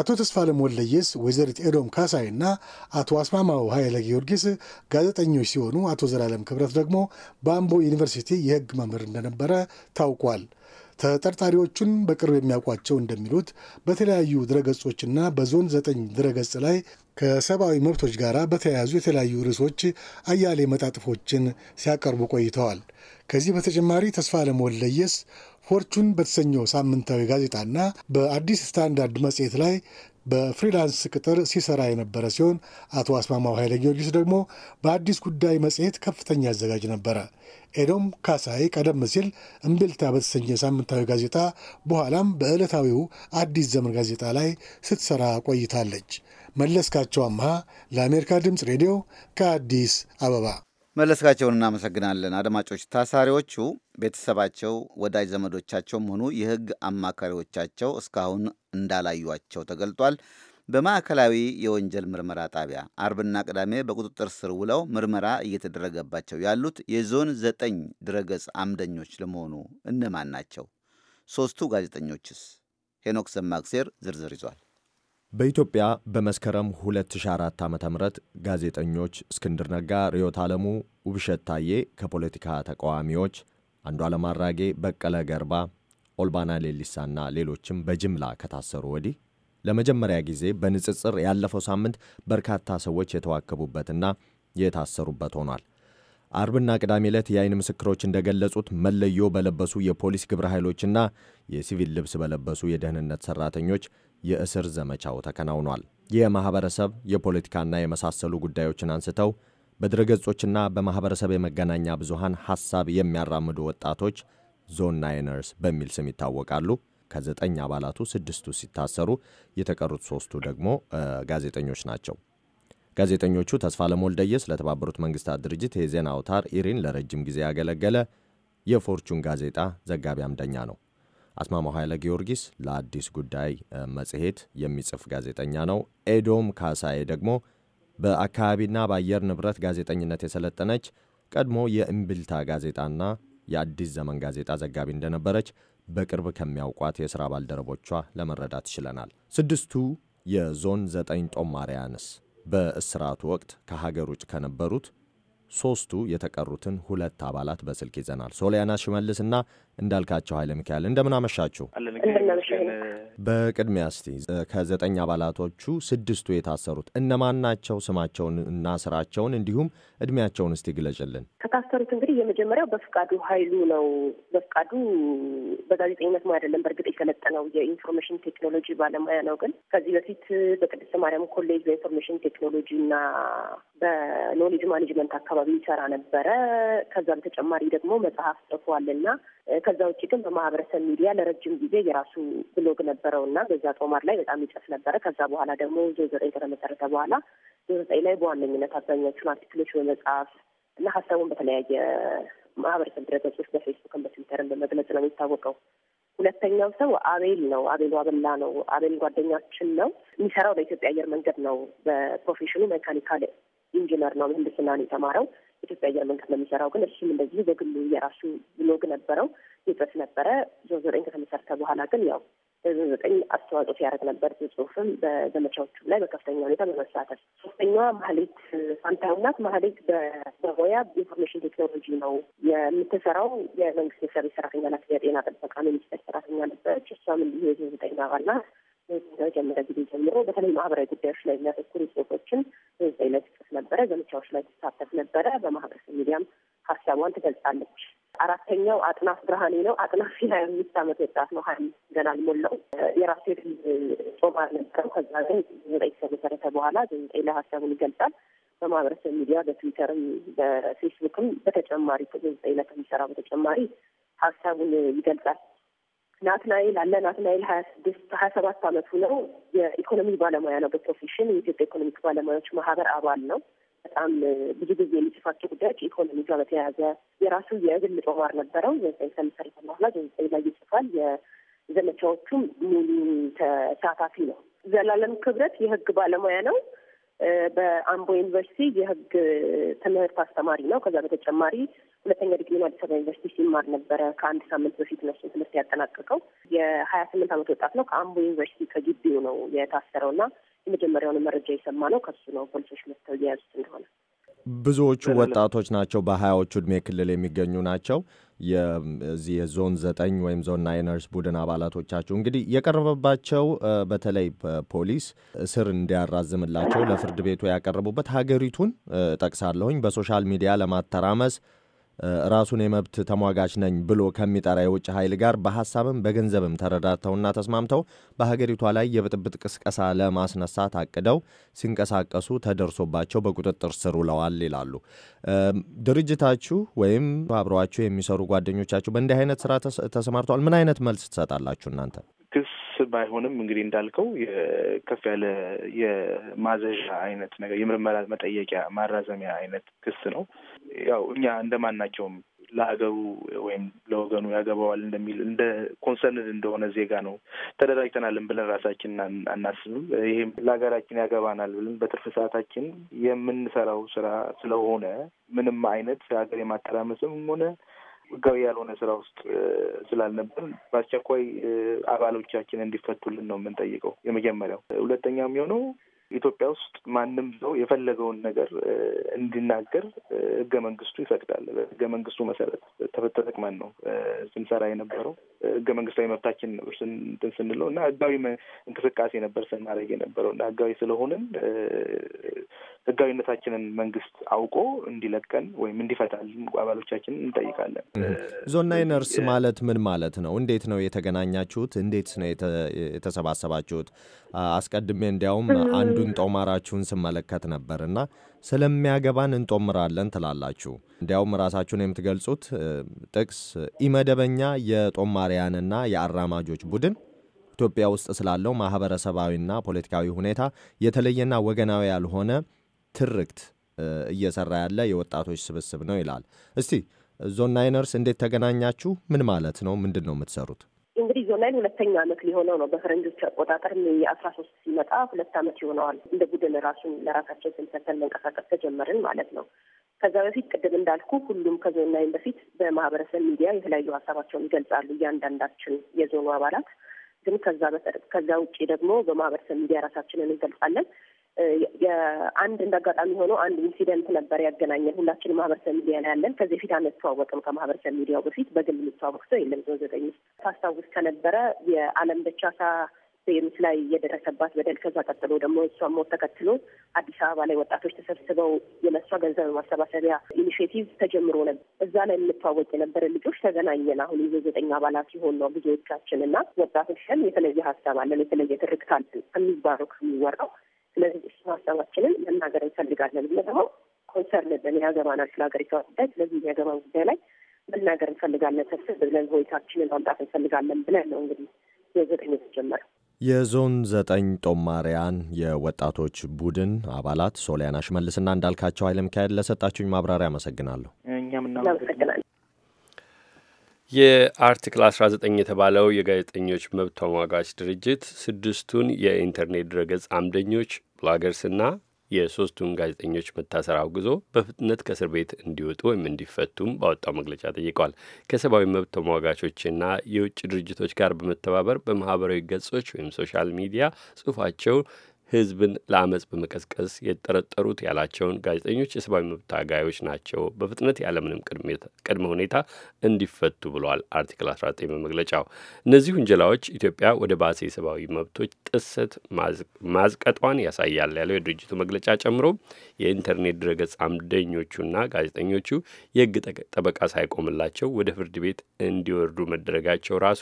አቶ ተስፋለም ወለየስ፣ ወይዘሪት ኤዶም ካሳይ እና አቶ አስማማው ኃይለ ጊዮርጊስ ጋዜጠኞች ሲሆኑ አቶ ዘላለም ክብረት ደግሞ በአምቦ ዩኒቨርሲቲ የሕግ መምህር እንደነበረ ታውቋል። ተጠርጣሪዎቹን በቅርብ የሚያውቋቸው እንደሚሉት በተለያዩ ድረገጾችና በዞን ዘጠኝ ድረገጽ ላይ ከሰብአዊ መብቶች ጋር በተያያዙ የተለያዩ ርዕሶች አያሌ መጣጥፎችን ሲያቀርቡ ቆይተዋል። ከዚህ በተጨማሪ ተስፋ አለም ፎርቹን በተሰኘው ሳምንታዊ ጋዜጣና በአዲስ ስታንዳርድ መጽሔት ላይ በፍሪላንስ ቅጥር ሲሰራ የነበረ ሲሆን አቶ አስማማው ኃይለ ጊዮርጊስ ደግሞ በአዲስ ጉዳይ መጽሔት ከፍተኛ አዘጋጅ ነበረ። ኤዶም ካሳይ ቀደም ሲል እምቢልታ በተሰኘ ሳምንታዊ ጋዜጣ በኋላም በዕለታዊው አዲስ ዘመን ጋዜጣ ላይ ስትሰራ ቆይታለች። መለስካቸው አምሃ ለአሜሪካ ድምፅ ሬዲዮ ከአዲስ አበባ መለስካቸውን እናመሰግናለን። አድማጮች ታሳሪዎቹ ቤተሰባቸው፣ ወዳጅ ዘመዶቻቸውም ሆኑ የህግ አማካሪዎቻቸው እስካሁን እንዳላዩቸው ተገልጧል። በማዕከላዊ የወንጀል ምርመራ ጣቢያ አርብና ቅዳሜ በቁጥጥር ስር ውለው ምርመራ እየተደረገባቸው ያሉት የዞን ዘጠኝ ድረገጽ አምደኞች ለመሆኑ እነማን ናቸው? ሦስቱ ጋዜጠኞችስ? ሄኖክ ሰማግዜር ዝርዝር ይዟል። በኢትዮጵያ በመስከረም 2004 ዓ ም ጋዜጠኞች እስክንድር ነጋ፣ ርዮት አለሙ፣ ውብሸት ታዬ፣ ከፖለቲካ ተቃዋሚዎች አንዱ አራጌ፣ በቀለ ገርባ፣ ኦልባና ሌሊሳና ሌሎችም በጅምላ ከታሰሩ ወዲህ ለመጀመሪያ ጊዜ በንጽጽር ያለፈው ሳምንት በርካታ ሰዎች የተዋከቡበትና የታሰሩበት ሆኗል። አርብና ቅዳሜ ዕለት የአይን ምስክሮች እንደገለጹት መለዮ በለበሱ የፖሊስ ግብረ ኃይሎችና የሲቪል ልብስ በለበሱ የደህንነት ሠራተኞች የእስር ዘመቻው ተከናውኗል። የማህበረሰብ የፖለቲካና የመሳሰሉ ጉዳዮችን አንስተው በድረገጾችና በማህበረሰብ የመገናኛ ብዙሃን ሐሳብ የሚያራምዱ ወጣቶች ዞን ናይነርስ በሚል ስም ይታወቃሉ። ከዘጠኝ አባላቱ ስድስቱ ሲታሰሩ የተቀሩት ሶስቱ ደግሞ ጋዜጠኞች ናቸው። ጋዜጠኞቹ ተስፋ ለሞልደየስ ለተባበሩት መንግስታት ድርጅት የዜና አውታር ኢሪን ለረጅም ጊዜ ያገለገለ የፎርቹን ጋዜጣ ዘጋቢ አምደኛ ነው። አስማማው ኃይለ ጊዮርጊስ ለአዲስ ጉዳይ መጽሔት የሚጽፍ ጋዜጠኛ ነው። ኤዶም ካሳዬ ደግሞ በአካባቢና በአየር ንብረት ጋዜጠኝነት የሰለጠነች ቀድሞ የእምቢልታ ጋዜጣና የአዲስ ዘመን ጋዜጣ ዘጋቢ እንደነበረች በቅርብ ከሚያውቋት የሥራ ባልደረቦቿ ለመረዳት ችለናል። ስድስቱ የዞን ዘጠኝ ጦማሪያንስ በእስራቱ ወቅት ከሀገር ውጭ ከነበሩት ሦስቱ የተቀሩትን ሁለት አባላት በስልክ ይዘናል። ሶሊያና ሽመልስና እንዳልካቸው ኃይለ ሚካኤል እንደምን አመሻችሁ። በቅድሚያ እስቲ ከዘጠኝ አባላቶቹ ስድስቱ የታሰሩት እነማን ናቸው? ስማቸውን እና ስራቸውን እንዲሁም እድሜያቸውን እስቲ ግለጭልን። ከታሰሩት እንግዲህ የመጀመሪያው በፍቃዱ ኃይሉ ነው። በፍቃዱ በጋዜጠኝነት ሙያ አይደለም በእርግጥ የሰለጠነው የኢንፎርሜሽን ቴክኖሎጂ ባለሙያ ነው። ግን ከዚህ በፊት በቅድስተ ማርያም ኮሌጅ በኢንፎርሜሽን ቴክኖሎጂ እና በኖሌጅ ማኔጅመንት አካባቢ ይሰራ ነበረ። ከዛ በተጨማሪ ደግሞ መጽሐፍ ጽፏል እና ከዛ ውጭ ግን በማህበረሰብ ሚዲያ ለረጅም ጊዜ የራሱ ብሎግ ነበረው እና በዛ ጦማር ላይ በጣም ይጽፍ ነበረ። ከዛ በኋላ ደግሞ ዞን ዘጠኝ ከተመሰረተ በኋላ ዞን ዘጠኝ ላይ በዋነኝነት አብዛኛዎቹን አርቲክሎች በመጽሐፍ እና ሀሳቡን በተለያየ ማህበረሰብ ድረገጾች በፌስቡክን በትዊተርን በመግለጽ ነው የሚታወቀው። ሁለተኛው ሰው አቤል ነው። አቤል ዋበላ ነው። አቤል ጓደኛችን ነው። የሚሰራው በኢትዮጵያ አየር መንገድ ነው። በፕሮፌሽኑ ሜካኒካል ኢንጂነር ነው። ምህንድስና ነው የተማረው። ኢትዮጵያ አየር መንገድ ነው የሚሰራው። ግን እሱም እንደዚህ በግሉ የራሱ ብሎግ ነበረው ይጽፍ ነበረ። ዞን ዘጠኝ ከተመሰረተ በኋላ ግን ያው በዞን ዘጠኝ አስተዋጽኦ ሲያደርግ ነበር ጽሁፍም በዘመቻዎቹም ላይ በከፍተኛ ሁኔታ በመሳተፍ። ሶስተኛዋ ማህሌት ፋንታው ናት። ማህሌት በሙያ ኢንፎርሜሽን ቴክኖሎጂ ነው የምትሰራው። የመንግስት የሰርቪስ ሰራተኛ ናት። የጤና ጥበቃ ሚኒስቴር ሰራተኛ ነበረች። እሷም እንዲሁ የዞን ዘጠኝ አባል ናት። ከጀመረ ጊዜ ጀምሮ በተለይ ማህበራዊ ጉዳዮች ላይ የሚያተኩሩ ጽሁፎችን በዚህ ላይ ትጽፍ ነበረ። ዘመቻዎች ላይ ትሳተፍ ነበረ። በማህበረሰብ ሚዲያም ሀሳቧን ትገልጻለች። አራተኛው አጥናፍ ብርሃኔ ነው። አጥናፍ የሀያ አምስት አመት ወጣት ነው። ሀያ ገና አልሞላው። የራሱ የግል ጾም ነበረው። ከዛ ግን ዘጠኝ ከመሰረተ በኋላ ዘጠኝ ላይ ሀሳቡን ይገልጻል። በማህበረሰብ ሚዲያ በትዊተርም በፌስቡክም በተጨማሪ ዘጠኝ ላይ ከሚሰራ በተጨማሪ ሀሳቡን ይገልጻል። ናትናኤል አለ። ናትናኤል ሀያ ስድስት ሀያ ሰባት አመቱ ነው። የኢኮኖሚ ባለሙያ ነው በፕሮፌሽን የኢትዮጵያ ኢኮኖሚክ ባለሙያዎች ማህበር አባል ነው። በጣም ብዙ ጊዜ የሚጽፋቸው ጉዳዮች ኢኮኖሚ ጋር በተያያዘ የራሱ የግል ጦማር ነበረው። ዘጠኝ ከመሰረተ በኋላ ዘጠኝ ላይ ይጽፋል። የዘመቻዎቹም ሙሉ ተሳታፊ ነው። ዘላለም ክብረት የህግ ባለሙያ ነው። በአምቦ ዩኒቨርሲቲ የህግ ትምህርት አስተማሪ ነው። ከዛ በተጨማሪ ሁለተኛ ዲግሪውን አዲስ አበባ ዩኒቨርሲቲ ሲማር ነበረ። ከአንድ ሳምንት በፊት ነው ትምህርት ያጠናቀቀው። የሀያ ስምንት ዓመት ወጣት ነው። ከአምቦ ዩኒቨርሲቲ ከግቢው ነው የታሰረው እና የመጀመሪያውን መረጃ የሰማ ነው ከሱ ነው ፖሊሶች መጥተው የያዙት እንደሆነ። ብዙዎቹ ወጣቶች ናቸው፣ በሀያዎቹ እድሜ ክልል የሚገኙ ናቸው። የዚህ የዞን ዘጠኝ ወይም ዞን ናይነርስ ቡድን አባላቶቻችሁ እንግዲህ የቀረበባቸው በተለይ ፖሊስ እስር እንዲያራዝምላቸው ለፍርድ ቤቱ ያቀረቡበት ሀገሪቱን ጠቅሳለሁኝ በሶሻል ሚዲያ ለማተራመስ ራሱን የመብት ተሟጋች ነኝ ብሎ ከሚጠራ የውጭ ኃይል ጋር በሀሳብም በገንዘብም ተረዳድተውና ተስማምተው በሀገሪቷ ላይ የብጥብጥ ቅስቀሳ ለማስነሳት አቅደው ሲንቀሳቀሱ ተደርሶባቸው በቁጥጥር ስር ውለዋል ይላሉ። ድርጅታችሁ ወይም አብረዋችሁ የሚሰሩ ጓደኞቻችሁ በእንዲህ አይነት ስራ ተሰማርተዋል። ምን አይነት መልስ ትሰጣላችሁ እናንተ? ባይሆንም እንግዲህ እንዳልከው ከፍ ያለ የማዘዣ አይነት ነገር የምርመራ መጠየቂያ ማራዘሚያ አይነት ክስ ነው። ያው እኛ እንደማናቸውም ለሀገሩ ወይም ለወገኑ ያገባዋል እንደሚል እንደ ኮንሰርንድ እንደሆነ ዜጋ ነው ተደራጅተናልን ብለን ራሳችን አናስብም። ይህም ለሀገራችን ያገባናል ብለን በትርፍ ሰዓታችን የምንሰራው ስራ ስለሆነ ምንም አይነት ሀገር የማተራመስም ሆነ ህጋዊ ያልሆነ ስራ ውስጥ ስላልነበር በአስቸኳይ አባሎቻችን እንዲፈቱልን ነው የምንጠይቀው። የመጀመሪያው ሁለተኛ የሚሆነው ኢትዮጵያ ውስጥ ማንም ሰው የፈለገውን ነገር እንዲናገር ህገ መንግስቱ ይፈቅዳል። በህገ መንግስቱ መሰረት ተጠቅመን ነው ስንሰራ የነበረው። ህገ መንግስታዊ መብታችን ነበር እንትን ስንለው እና ህጋዊ እንቅስቃሴ ነበር ስናደርግ የነበረው እና ህጋዊ ስለሆንን ህጋዊነታችንን መንግስት አውቆ እንዲለቀን ወይም እንዲፈታልን አባሎቻችንን እንጠይቃለን። ዞን ናይነርስ ማለት ምን ማለት ነው? እንዴት ነው የተገናኛችሁት? እንዴት ነው የተሰባሰባችሁት? አስቀድሜ እንዲያውም አንዱን ጦማራችሁን ስመለከት ነበር እና ስለሚያገባን እንጦምራለን ትላላችሁ። እንዲያውም ራሳችሁን የምትገልጹት ጥቅስ ኢመደበኛ የጦማሪያንና የአራማጆች ቡድን ኢትዮጵያ ውስጥ ስላለው ማህበረሰባዊና ፖለቲካዊ ሁኔታ የተለየና ወገናዊ ያልሆነ ትርክት እየሰራ ያለ የወጣቶች ስብስብ ነው ይላል። እስቲ ዞን ናይነርስ እንዴት ተገናኛችሁ? ምን ማለት ነው? ምንድን ነው የምትሰሩት? እንግዲህ ዞን ናይን ሁለተኛ ዓመት ሊሆነው ነው በፈረንጆች አቆጣጠር የአስራ ሶስት ሲመጣ ሁለት ዓመት ይሆነዋል። እንደ ቡድን ራሱን ለራሳችን ስንፈተን መንቀሳቀስ ከጀመርን ማለት ነው። ከዛ በፊት ቅድም እንዳልኩ ሁሉም ከዞን ናይን በፊት በማህበረሰብ ሚዲያ የተለያዩ ሀሳባቸውን ይገልጻሉ እያንዳንዳችን የዞኑ አባላት ግን ከዛ ከዛ ውጭ ደግሞ በማህበረሰብ ሚዲያ ራሳችንን እንገልጻለን። የአንድ እንደ አጋጣሚ ሆኖ አንድ ኢንሲደንት ነበር ያገናኘን። ሁላችንም ማህበረሰብ ሚዲያ ላይ ያለን ከዚህ በፊት አንተዋወቅም። ከማህበረሰብ ሚዲያው በፊት በግል የምተዋወቅ ሰው የለም። ዘው ዘጠኝ ውስጥ ታስታውስ ከነበረ የአለም ደቻሳ ቤሩት ላይ የደረሰባት በደል፣ ከዛ ቀጥሎ ደግሞ እሷ ሞት ተከትሎ አዲስ አበባ ላይ ወጣቶች ተሰብስበው የለሷ ገንዘብ ማሰባሰቢያ ኢኒሽቲቭ ተጀምሮ ነበር። እዛ ላይ የምተዋወቅ የነበረ ልጆች ተገናኘን። አሁን ይዞ ዘጠኝ አባላት ሲሆን ነው ብዙዎቻችን እና ወጣቶች ሸን የተለየ ሀሳብ አለን የተለየ ትርክት አለን ከሚባለው ከሚወራው ስለዚህ እሱ ሀሳባችንን መናገር እንፈልጋለን ብለ ደግሞ ኮንሰርን ነበር ያገባናል ስለ ሀገሪቷ ጉዳይ። ስለዚህ የሚያገባን ጉዳይ ላይ መናገር እንፈልጋለን፣ ሰብስብ ብለን ሆይታችንን ማምጣት እንፈልጋለን ብለን ነው እንግዲህ የዘጠኝ የተጀመረው። የዞን ዘጠኝ ጦማሪያን የወጣቶች ቡድን አባላት ሶሊያና ሽመልስና እንዳልካቸው ኃይለ ሚካኤል ለሰጣችሁኝ ማብራሪያ አመሰግናለሁ። እኛም እናመሰግናለን። የአርቲክል 19 የተባለው የጋዜጠኞች መብት ተሟጋች ድርጅት ስድስቱን የኢንተርኔት ድረገጽ አምደኞች ብላገርስና የሶስቱን ጋዜጠኞች መታሰር አውግዞ በፍጥነት ከእስር ቤት እንዲወጡ ወይም እንዲፈቱም ባወጣው መግለጫ ጠይቋል። ከሰብአዊ መብት ተሟጋቾችና የውጭ ድርጅቶች ጋር በመተባበር በማህበራዊ ገጾች ወይም ሶሻል ሚዲያ ጽሁፋቸው ህዝብን ለአመፅ በመቀስቀስ የተጠረጠሩት ያላቸውን ጋዜጠኞች የሰብአዊ መብት ታጋዮች ናቸው፣ በፍጥነት ያለምንም ቅድመ ሁኔታ እንዲፈቱ ብሏል። አርቲክል 19 በመግለጫው እነዚህ ውንጀላዎች ኢትዮጵያ ወደ ባሴ የሰብአዊ መብቶች ጥሰት ማዝቀጧን ያሳያል ያለው የድርጅቱ መግለጫ ጨምሮ የኢንተርኔት ድረገጽ አምደኞቹና ጋዜጠኞቹ የህግ ጠበቃ ሳይቆምላቸው ወደ ፍርድ ቤት እንዲወርዱ መደረጋቸው ራሱ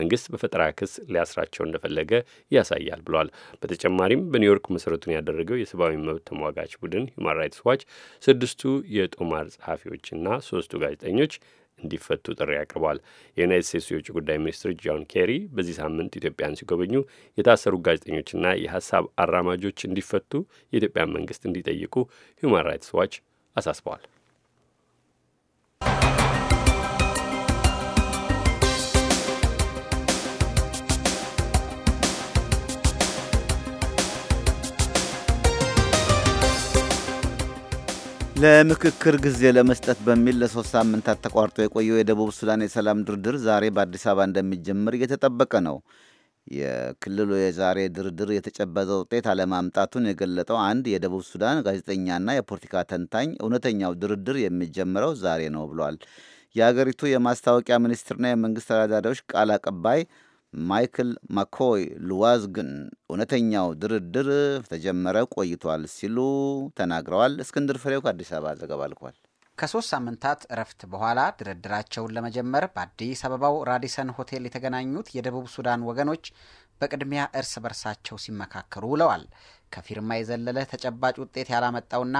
መንግስት በፈጠራ ክስ ሊያስራቸው እንደፈለገ ያሳያል ብሏል። በተጨማሪም በኒውዮርክ መሰረቱን ያደረገው የሰብአዊ መብት ተሟጋች ቡድን ሁማን ራይትስ ዋች ስድስቱ የጦማር ጸሐፊዎችና ሶስቱ ጋዜጠኞች እንዲፈቱ ጥሪ አቅርቧል። የዩናይት ስቴትስ የውጭ ጉዳይ ሚኒስትር ጆን ኬሪ በዚህ ሳምንት ኢትዮጵያን ሲጎበኙ የታሰሩ ጋዜጠኞችና የሀሳብ አራማጆች እንዲፈቱ የኢትዮጵያን መንግስት እንዲጠይቁ ሁማን ራይትስ ዋች አሳስበዋል። ለምክክር ጊዜ ለመስጠት በሚል ለሶስት ሳምንታት ተቋርጦ የቆየው የደቡብ ሱዳን የሰላም ድርድር ዛሬ በአዲስ አበባ እንደሚጀምር እየተጠበቀ ነው። የክልሉ የዛሬ ድርድር የተጨበጠ ውጤት አለማምጣቱን የገለጠው አንድ የደቡብ ሱዳን ጋዜጠኛና የፖለቲካ ተንታኝ እውነተኛው ድርድር የሚጀምረው ዛሬ ነው ብሏል። የአገሪቱ የማስታወቂያ ሚኒስትርና የመንግስት ተዳዳሪዎች ቃል አቀባይ ማይክል ማኮይ ሉዋዝ ግን እውነተኛው ድርድር ተጀመረ ቆይቷል ሲሉ ተናግረዋል። እስክንድር ፍሬው ከአዲስ አበባ ዘገባ አልኳል። ከሶስት ሳምንታት እረፍት በኋላ ድርድራቸውን ለመጀመር በአዲስ አበባው ራዲሰን ሆቴል የተገናኙት የደቡብ ሱዳን ወገኖች በቅድሚያ እርስ በርሳቸው ሲመካከሩ ውለዋል። ከፊርማ የዘለለ ተጨባጭ ውጤት ያላመጣውና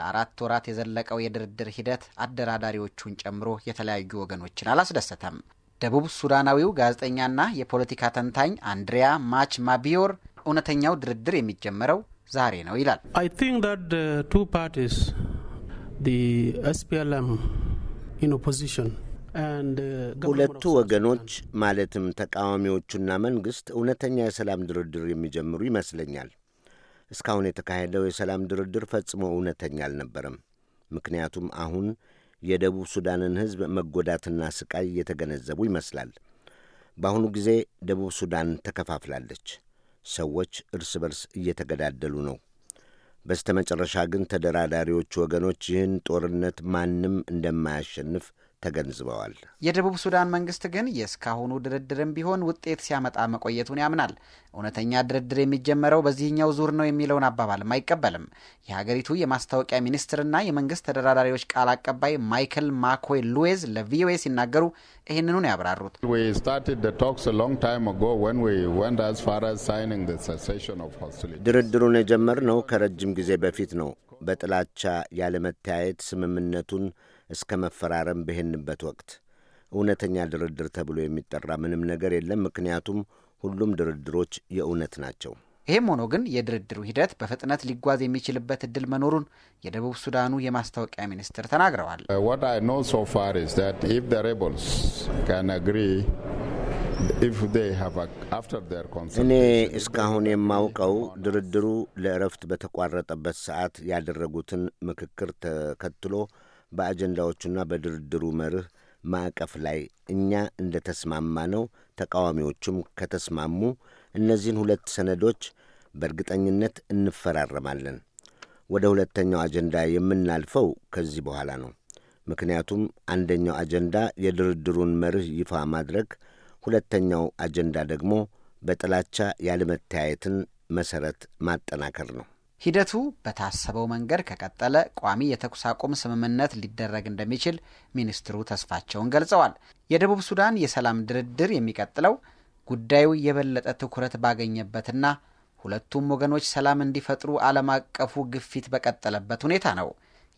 ለአራት ወራት የዘለቀው የድርድር ሂደት አደራዳሪዎቹን ጨምሮ የተለያዩ ወገኖችን አላስደሰተም። ደቡብ ሱዳናዊው ጋዜጠኛና የፖለቲካ ተንታኝ አንድሪያ ማች ማቢዮር እውነተኛው ድርድር የሚጀመረው ዛሬ ነው ይላል። ሁለቱ ወገኖች ማለትም ተቃዋሚዎቹና መንግሥት እውነተኛ የሰላም ድርድር የሚጀምሩ ይመስለኛል። እስካሁን የተካሄደው የሰላም ድርድር ፈጽሞ እውነተኛ አልነበረም። ምክንያቱም አሁን የደቡብ ሱዳንን ሕዝብ መጎዳትና ስቃይ እየተገነዘቡ ይመስላል። በአሁኑ ጊዜ ደቡብ ሱዳን ተከፋፍላለች። ሰዎች እርስ በርስ እየተገዳደሉ ነው። በስተ መጨረሻ ግን ተደራዳሪዎቹ ወገኖች ይህን ጦርነት ማንም እንደማያሸንፍ ተገንዝበዋል። የደቡብ ሱዳን መንግስት ግን የእስካሁኑ ድርድርም ቢሆን ውጤት ሲያመጣ መቆየቱን ያምናል። እውነተኛ ድርድር የሚጀመረው በዚህኛው ዙር ነው የሚለውን አባባልም አይቀበልም። የሀገሪቱ የማስታወቂያ ሚኒስትርና የመንግስት ተደራዳሪዎች ቃል አቀባይ ማይክል ማኮይ ሉዌዝ ለቪኦኤ ሲናገሩ ይህንኑን ያብራሩት ድርድሩን የጀመርነው ከረጅም ጊዜ በፊት ነው። በጥላቻ ያለመተያየት ስምምነቱን እስከ መፈራረም በሄንበት ወቅት እውነተኛ ድርድር ተብሎ የሚጠራ ምንም ነገር የለም። ምክንያቱም ሁሉም ድርድሮች የእውነት ናቸው። ይህም ሆኖ ግን የድርድሩ ሂደት በፍጥነት ሊጓዝ የሚችልበት እድል መኖሩን የደቡብ ሱዳኑ የማስታወቂያ ሚኒስትር ተናግረዋል። uh, እኔ እስካሁን የማውቀው ድርድሩ ለእረፍት በተቋረጠበት ሰዓት ያደረጉትን ምክክር ተከትሎ በአጀንዳዎቹና በድርድሩ መርህ ማዕቀፍ ላይ እኛ እንደ ተስማማ ነው ተቃዋሚዎቹም ከተስማሙ እነዚህን ሁለት ሰነዶች በእርግጠኝነት እንፈራረማለን። ወደ ሁለተኛው አጀንዳ የምናልፈው ከዚህ በኋላ ነው። ምክንያቱም አንደኛው አጀንዳ የድርድሩን መርህ ይፋ ማድረግ፣ ሁለተኛው አጀንዳ ደግሞ በጥላቻ ያለመተያየትን መሠረት ማጠናከር ነው። ሂደቱ በታሰበው መንገድ ከቀጠለ ቋሚ የተኩስ አቁም ስምምነት ሊደረግ እንደሚችል ሚኒስትሩ ተስፋቸውን ገልጸዋል። የደቡብ ሱዳን የሰላም ድርድር የሚቀጥለው ጉዳዩ የበለጠ ትኩረት ባገኘበትና ሁለቱም ወገኖች ሰላም እንዲፈጥሩ ዓለም አቀፉ ግፊት በቀጠለበት ሁኔታ ነው።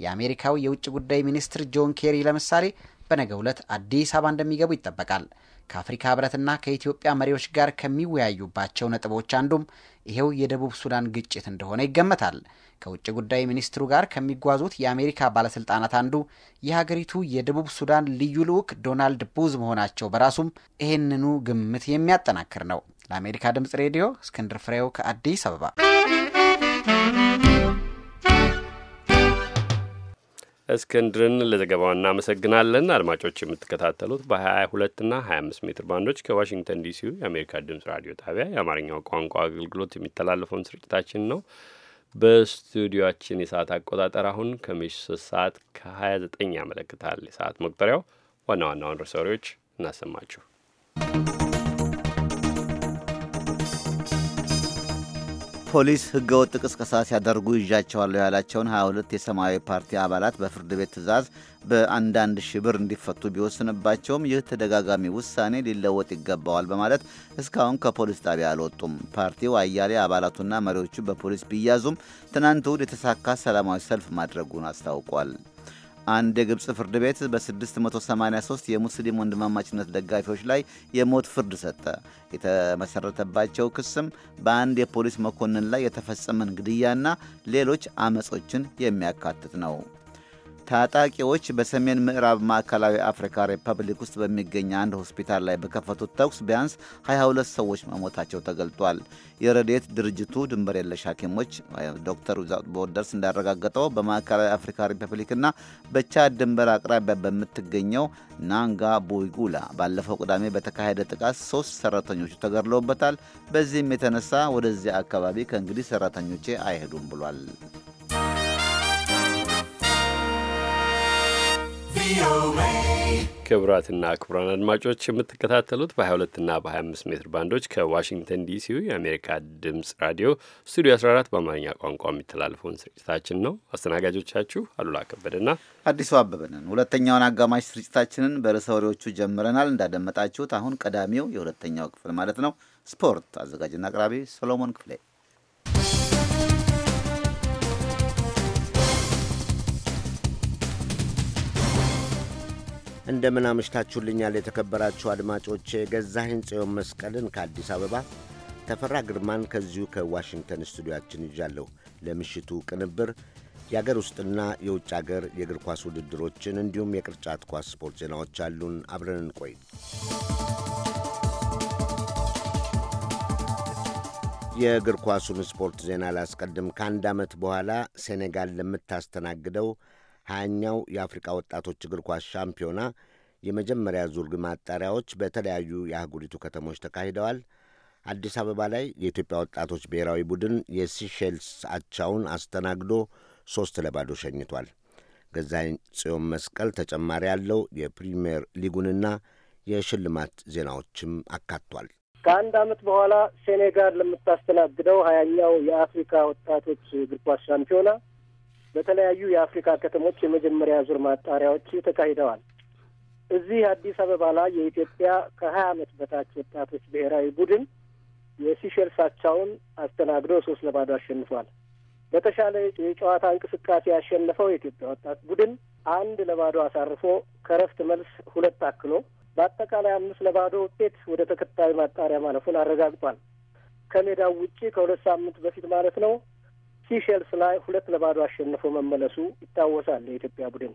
የአሜሪካው የውጭ ጉዳይ ሚኒስትር ጆን ኬሪ ለምሳሌ በነገው ዕለት አዲስ አበባ እንደሚገቡ ይጠበቃል። ከአፍሪካ ህብረትና ከኢትዮጵያ መሪዎች ጋር ከሚወያዩባቸው ነጥቦች አንዱም ይሄው የደቡብ ሱዳን ግጭት እንደሆነ ይገመታል። ከውጭ ጉዳይ ሚኒስትሩ ጋር ከሚጓዙት የአሜሪካ ባለስልጣናት አንዱ የሀገሪቱ የደቡብ ሱዳን ልዩ ልዑክ ዶናልድ ቡዝ መሆናቸው በራሱም ይህንኑ ግምት የሚያጠናክር ነው። ለአሜሪካ ድምጽ ሬዲዮ እስክንድር ፍሬው ከአዲስ አበባ እስክንድርን ለዘገባው እናመሰግናለን። አድማጮች የምትከታተሉት በ22 እና 25 ሜትር ባንዶች ከዋሽንግተን ዲሲ የአሜሪካ ድምፅ ራዲዮ ጣቢያ የአማርኛው ቋንቋ አገልግሎት የሚተላለፈውን ስርጭታችን ነው። በስቱዲዮችን የሰዓት አቆጣጠር አሁን ከምሽቱ ሰዓት ከ29 ያመለክታል። የሰዓት መቁጠሪያው ዋና ዋናውን ርዕሰ ወሬዎች እናሰማችሁ። ፖሊስ ህገወጥ ቅስቀሳ ሲያደርጉ ይዣቸዋለሁ ያላቸውን 22 የሰማያዊ ፓርቲ አባላት በፍርድ ቤት ትዕዛዝ በአንዳንድ ሺህ ብር እንዲፈቱ ቢወስንባቸውም ይህ ተደጋጋሚ ውሳኔ ሊለወጥ ይገባዋል በማለት እስካሁን ከፖሊስ ጣቢያ አልወጡም። ፓርቲው አያሌ አባላቱና መሪዎቹ በፖሊስ ቢያዙም ትናንት እሁድ የተሳካ ሰላማዊ ሰልፍ ማድረጉን አስታውቋል። አንድ የግብፅ ፍርድ ቤት በ683 የሙስሊም ወንድማማችነት ደጋፊዎች ላይ የሞት ፍርድ ሰጠ። የተመሰረተባቸው ክስም በአንድ የፖሊስ መኮንን ላይ የተፈጸመን ግድያና ሌሎች አመጾችን የሚያካትት ነው። ታጣቂዎች በሰሜን ምዕራብ ማዕከላዊ አፍሪካ ሪፐብሊክ ውስጥ በሚገኝ አንድ ሆስፒታል ላይ በከፈቱት ተኩስ ቢያንስ 22 ሰዎች መሞታቸው ተገልጧል። የረድኤት ድርጅቱ ድንበር የለሽ ሐኪሞች ዶክተር ዊዛውት ቦርደርስ እንዳረጋገጠው በማዕከላዊ አፍሪካ ሪፐብሊክና በቻድ ድንበር አቅራቢያ በምትገኘው ናንጋ ቦይጉላ ባለፈው ቅዳሜ በተካሄደ ጥቃት ሶስት ሰራተኞቹ ተገድለውበታል። በዚህም የተነሳ ወደዚያ አካባቢ ከእንግዲህ ሰራተኞቼ አይሄዱም ብሏል። ክቡራትና ክቡራን አድማጮች የምትከታተሉት በ22ና በ25 ሜትር ባንዶች ከዋሽንግተን ዲሲው የአሜሪካ ድምፅ ራዲዮ ስቱዲዮ 14 በአማርኛ ቋንቋ የሚተላለፈውን ስርጭታችን ነው። አስተናጋጆቻችሁ አሉላ ከበደና አዲሱ አበበንን። ሁለተኛውን አጋማሽ ስርጭታችንን በርዕሰ ወሬዎቹ ጀምረናል። እንዳደመጣችሁት አሁን ቀዳሚው የሁለተኛው ክፍል ማለት ነው። ስፖርት አዘጋጅና አቅራቢ ሰሎሞን ክፍሌ እንደምን አምሽታችሁልኛል የተከበራችሁ አድማጮች። የገዛኸኝ ጽዮን መስቀልን ከአዲስ አበባ ተፈራ ግርማን ከዚሁ ከዋሽንግተን ስቱዲያችን ይዣለሁ። ለምሽቱ ቅንብር የአገር ውስጥና የውጭ አገር የእግር ኳስ ውድድሮችን እንዲሁም የቅርጫት ኳስ ስፖርት ዜናዎች አሉን። አብረን እንቆይ። የእግር ኳሱን ስፖርት ዜና ላስቀድም። ከአንድ ዓመት በኋላ ሴኔጋል ለምታስተናግደው ሀያኛው የአፍሪቃ ወጣቶች እግር ኳስ ሻምፒዮና የመጀመሪያ ዙር ማጣሪያዎች በተለያዩ የአህጉሪቱ ከተሞች ተካሂደዋል። አዲስ አበባ ላይ የኢትዮጵያ ወጣቶች ብሔራዊ ቡድን የሲሼልስ አቻውን አስተናግዶ ሦስት ለባዶ ሸኝቷል። ገዛኝ ጽዮን መስቀል ተጨማሪ ያለው የፕሪምየር ሊጉንና የሽልማት ዜናዎችም አካቷል። ከአንድ ዓመት በኋላ ሴኔጋል ለምታስተናግደው ሀያኛው የአፍሪካ ወጣቶች እግር ኳስ ሻምፒዮና በተለያዩ የአፍሪካ ከተሞች የመጀመሪያ ዙር ማጣሪያዎች ተካሂደዋል። እዚህ አዲስ አበባ ላይ የኢትዮጵያ ከሀያ ዓመት በታች ወጣቶች ብሔራዊ ቡድን የሲሸልሳቸውን አስተናግዶ ሶስት ለባዶ አሸንፏል። በተሻለ የጨዋታ እንቅስቃሴ ያሸነፈው የኢትዮጵያ ወጣት ቡድን አንድ ለባዶ አሳርፎ ከረፍት መልስ ሁለት አክሎ በአጠቃላይ አምስት ለባዶ ውጤት ወደ ተከታዩ ማጣሪያ ማለፉን አረጋግጧል። ከሜዳው ውጪ ከሁለት ሳምንት በፊት ማለት ነው ሲሸልስ ላይ ሁለት ለባዶ አሸንፎ መመለሱ ይታወሳል። የኢትዮጵያ ቡድን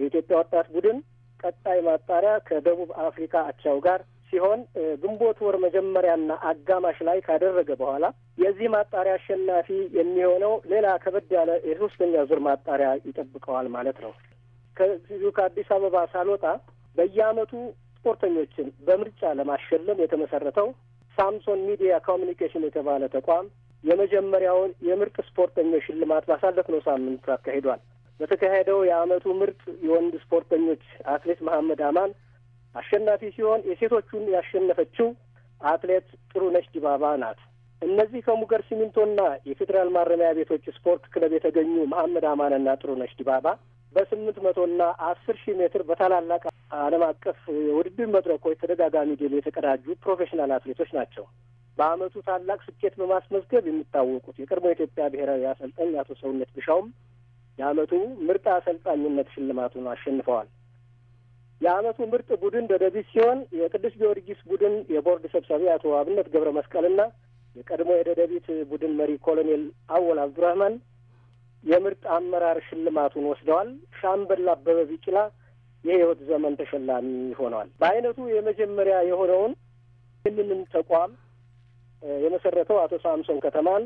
የኢትዮጵያ ወጣት ቡድን ቀጣይ ማጣሪያ ከደቡብ አፍሪካ አቻው ጋር ሲሆን ግንቦት ወር መጀመሪያና አጋማሽ ላይ ካደረገ በኋላ የዚህ ማጣሪያ አሸናፊ የሚሆነው ሌላ ከበድ ያለ የሶስተኛ ዙር ማጣሪያ ይጠብቀዋል ማለት ነው። ከዚሁ ከአዲስ አበባ ሳልወጣ በየዓመቱ ስፖርተኞችን በምርጫ ለማሸለም የተመሰረተው ሳምሶን ሚዲያ ኮሚኒኬሽን የተባለ ተቋም የመጀመሪያውን የምርጥ ስፖርተኞች ሽልማት ባሳለፍነው ሳምንት አካሂዷል። በተካሄደው የአመቱ ምርጥ የወንድ ስፖርተኞች አትሌት መሐመድ አማን አሸናፊ ሲሆን የሴቶቹን ያሸነፈችው አትሌት ጥሩነሽ ዲባባ ናት። እነዚህ ከሙገር ሲሚንቶና የፌዴራል ማረሚያ ቤቶች ስፖርት ክለብ የተገኙ መሐመድ አማንና ጥሩነሽ ዲባባ በስምንት መቶና አስር ሺህ ሜትር በታላላቅ ዓለም አቀፍ የውድድር መድረኮች ተደጋጋሚ ድል የተቀዳጁ ፕሮፌሽናል አትሌቶች ናቸው። በዓመቱ ታላቅ ስኬት በማስመዝገብ የሚታወቁት የቀድሞ የኢትዮጵያ ብሔራዊ አሰልጣኝ አቶ ሰውነት ቢሻውም የዓመቱ ምርጥ አሰልጣኝነት ሽልማቱን አሸንፈዋል። የአመቱ ምርጥ ቡድን ደደቢት ሲሆን የቅዱስ ጊዮርጊስ ቡድን የቦርድ ሰብሳቢ አቶ አብነት ገብረ መስቀልና የቀድሞ የደደቢት ቡድን መሪ ኮሎኔል አወል አብዱራህማን የምርጥ አመራር ሽልማቱን ወስደዋል። ሻምበል አበበ ቢቂላ የህይወት ዘመን ተሸላሚ ሆነዋል። በአይነቱ የመጀመሪያ የሆነውን ይህንንም ተቋም የመሰረተው አቶ ሳምሶን ከተማን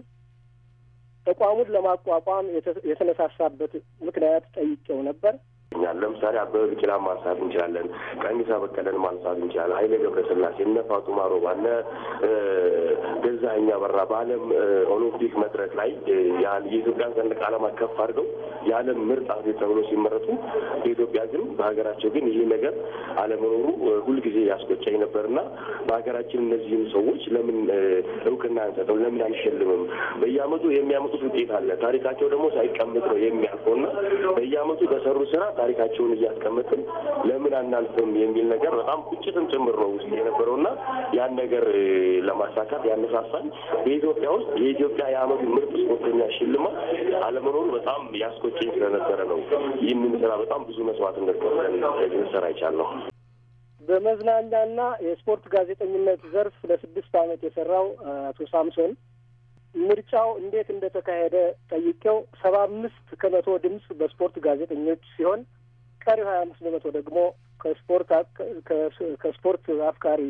ተቋሙን ለማቋቋም የተነሳሳበት ምክንያት ጠይቄው ነበር። እኛን ለምሳሌ አበበ ቢቂላን ማንሳት እንችላለን። ቀኒሳ በቀለን ማንሳት እንችላለን። ኃይሌ ገብረስላሴ፣ እነ ፋጡማ ሮባ፣ እነ ገዛኸኝ አበራ በዓለም ኦሎምፒክ መድረክ ላይ የኢትዮጵያን ሰንደቅ ዓላማ ከፍ አድርገው የዓለም ምርጥ አትሌት ተብሎ ሲመረጡ በኢትዮጵያ ግን በሀገራቸው ግን ይህ ነገር አለመኖሩ ሁልጊዜ ያስቆጨኝ ነበርና በሀገራችን እነዚህም ሰዎች ለምን እውቅና አንሰጠው? ለምን አንሸልምም? በየአመቱ የሚያመጡት ውጤት አለ። ታሪካቸው ደግሞ ሳይቀመጥ ነው የሚያልፈውና በየአመቱ በሰሩ ስራ ታሪካቸውን እያስቀመጥን ለምን አናልፍም የሚል ነገር በጣም ቁጭትም ጭምር ነው ውስጥ የነበረውና ያን ነገር ለማሳካት ያነሳሳል። በኢትዮጵያ ውስጥ የኢትዮጵያ የአመቱ ምርጥ ስፖርተኛ ሽልማት አለመኖሩ በጣም ያስቆጨኝ ስለነበረ ነው ይህንን ስራ በጣም ብዙ መስዋዕትነት ከፍለን ልንሰራ ይቻለሁ። በመዝናኛና የስፖርት ጋዜጠኝነት ዘርፍ ለስድስት ዓመት የሰራው አቶ ሳምሶን ምርጫው እንዴት እንደተካሄደ ጠይቄው ሰባ አምስት ከመቶ ድምፅ በስፖርት ጋዜጠኞች ሲሆን ቀሪው ሀያ አምስት በመቶ ደግሞ ከስፖርት ከስፖርት አፍቃሪ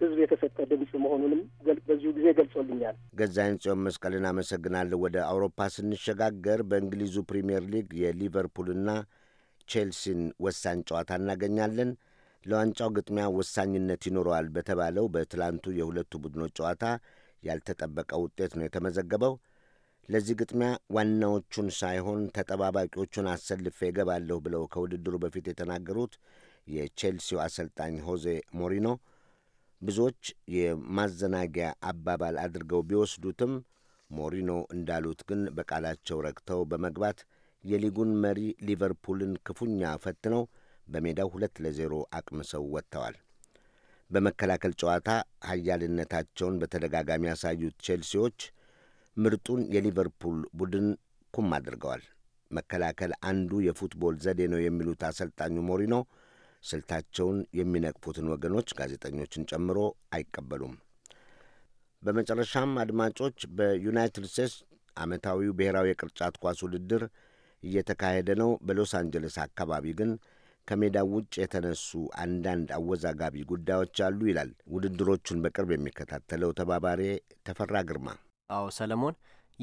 ህዝብ የተሰጠ ድምፅ መሆኑንም በዚሁ ጊዜ ገልጾልኛል። ገዛይን ጽዮን መስቀልን አመሰግናለሁ። ወደ አውሮፓ ስንሸጋገር በእንግሊዙ ፕሪምየር ሊግ የሊቨርፑልና ቼልሲን ወሳኝ ጨዋታ እናገኛለን። ለዋንጫው ግጥሚያ ወሳኝነት ይኖረዋል በተባለው በትላንቱ የሁለቱ ቡድኖች ጨዋታ ያልተጠበቀ ውጤት ነው የተመዘገበው። ለዚህ ግጥሚያ ዋናዎቹን ሳይሆን ተጠባባቂዎቹን አሰልፌ እገባለሁ ብለው ከውድድሩ በፊት የተናገሩት የቼልሲው አሰልጣኝ ሆዜ ሞሪኖ ብዙዎች የማዘናጊያ አባባል አድርገው ቢወስዱትም ሞሪኖ እንዳሉት ግን በቃላቸው ረግተው በመግባት የሊጉን መሪ ሊቨርፑልን ክፉኛ ፈትነው በሜዳው ሁለት ለዜሮ አቅምሰው ወጥተዋል። በመከላከል ጨዋታ ኃያልነታቸውን በተደጋጋሚ ያሳዩት ቼልሲዎች ምርጡን የሊቨርፑል ቡድን ኩም አድርገዋል። መከላከል አንዱ የፉትቦል ዘዴ ነው የሚሉት አሰልጣኙ ሞሪኖ ስልታቸውን የሚነቅፉትን ወገኖች ጋዜጠኞችን ጨምሮ አይቀበሉም። በመጨረሻም አድማጮች በዩናይትድ ስቴትስ ዓመታዊው ብሔራዊ የቅርጫት ኳስ ውድድር እየተካሄደ ነው። በሎስ አንጀለስ አካባቢ ግን ከሜዳው ውጭ የተነሱ አንዳንድ አወዛጋቢ ጉዳዮች አሉ ይላል ውድድሮቹን በቅርብ የሚከታተለው ተባባሪ ተፈራ ግርማ። አዎ ሰለሞን፣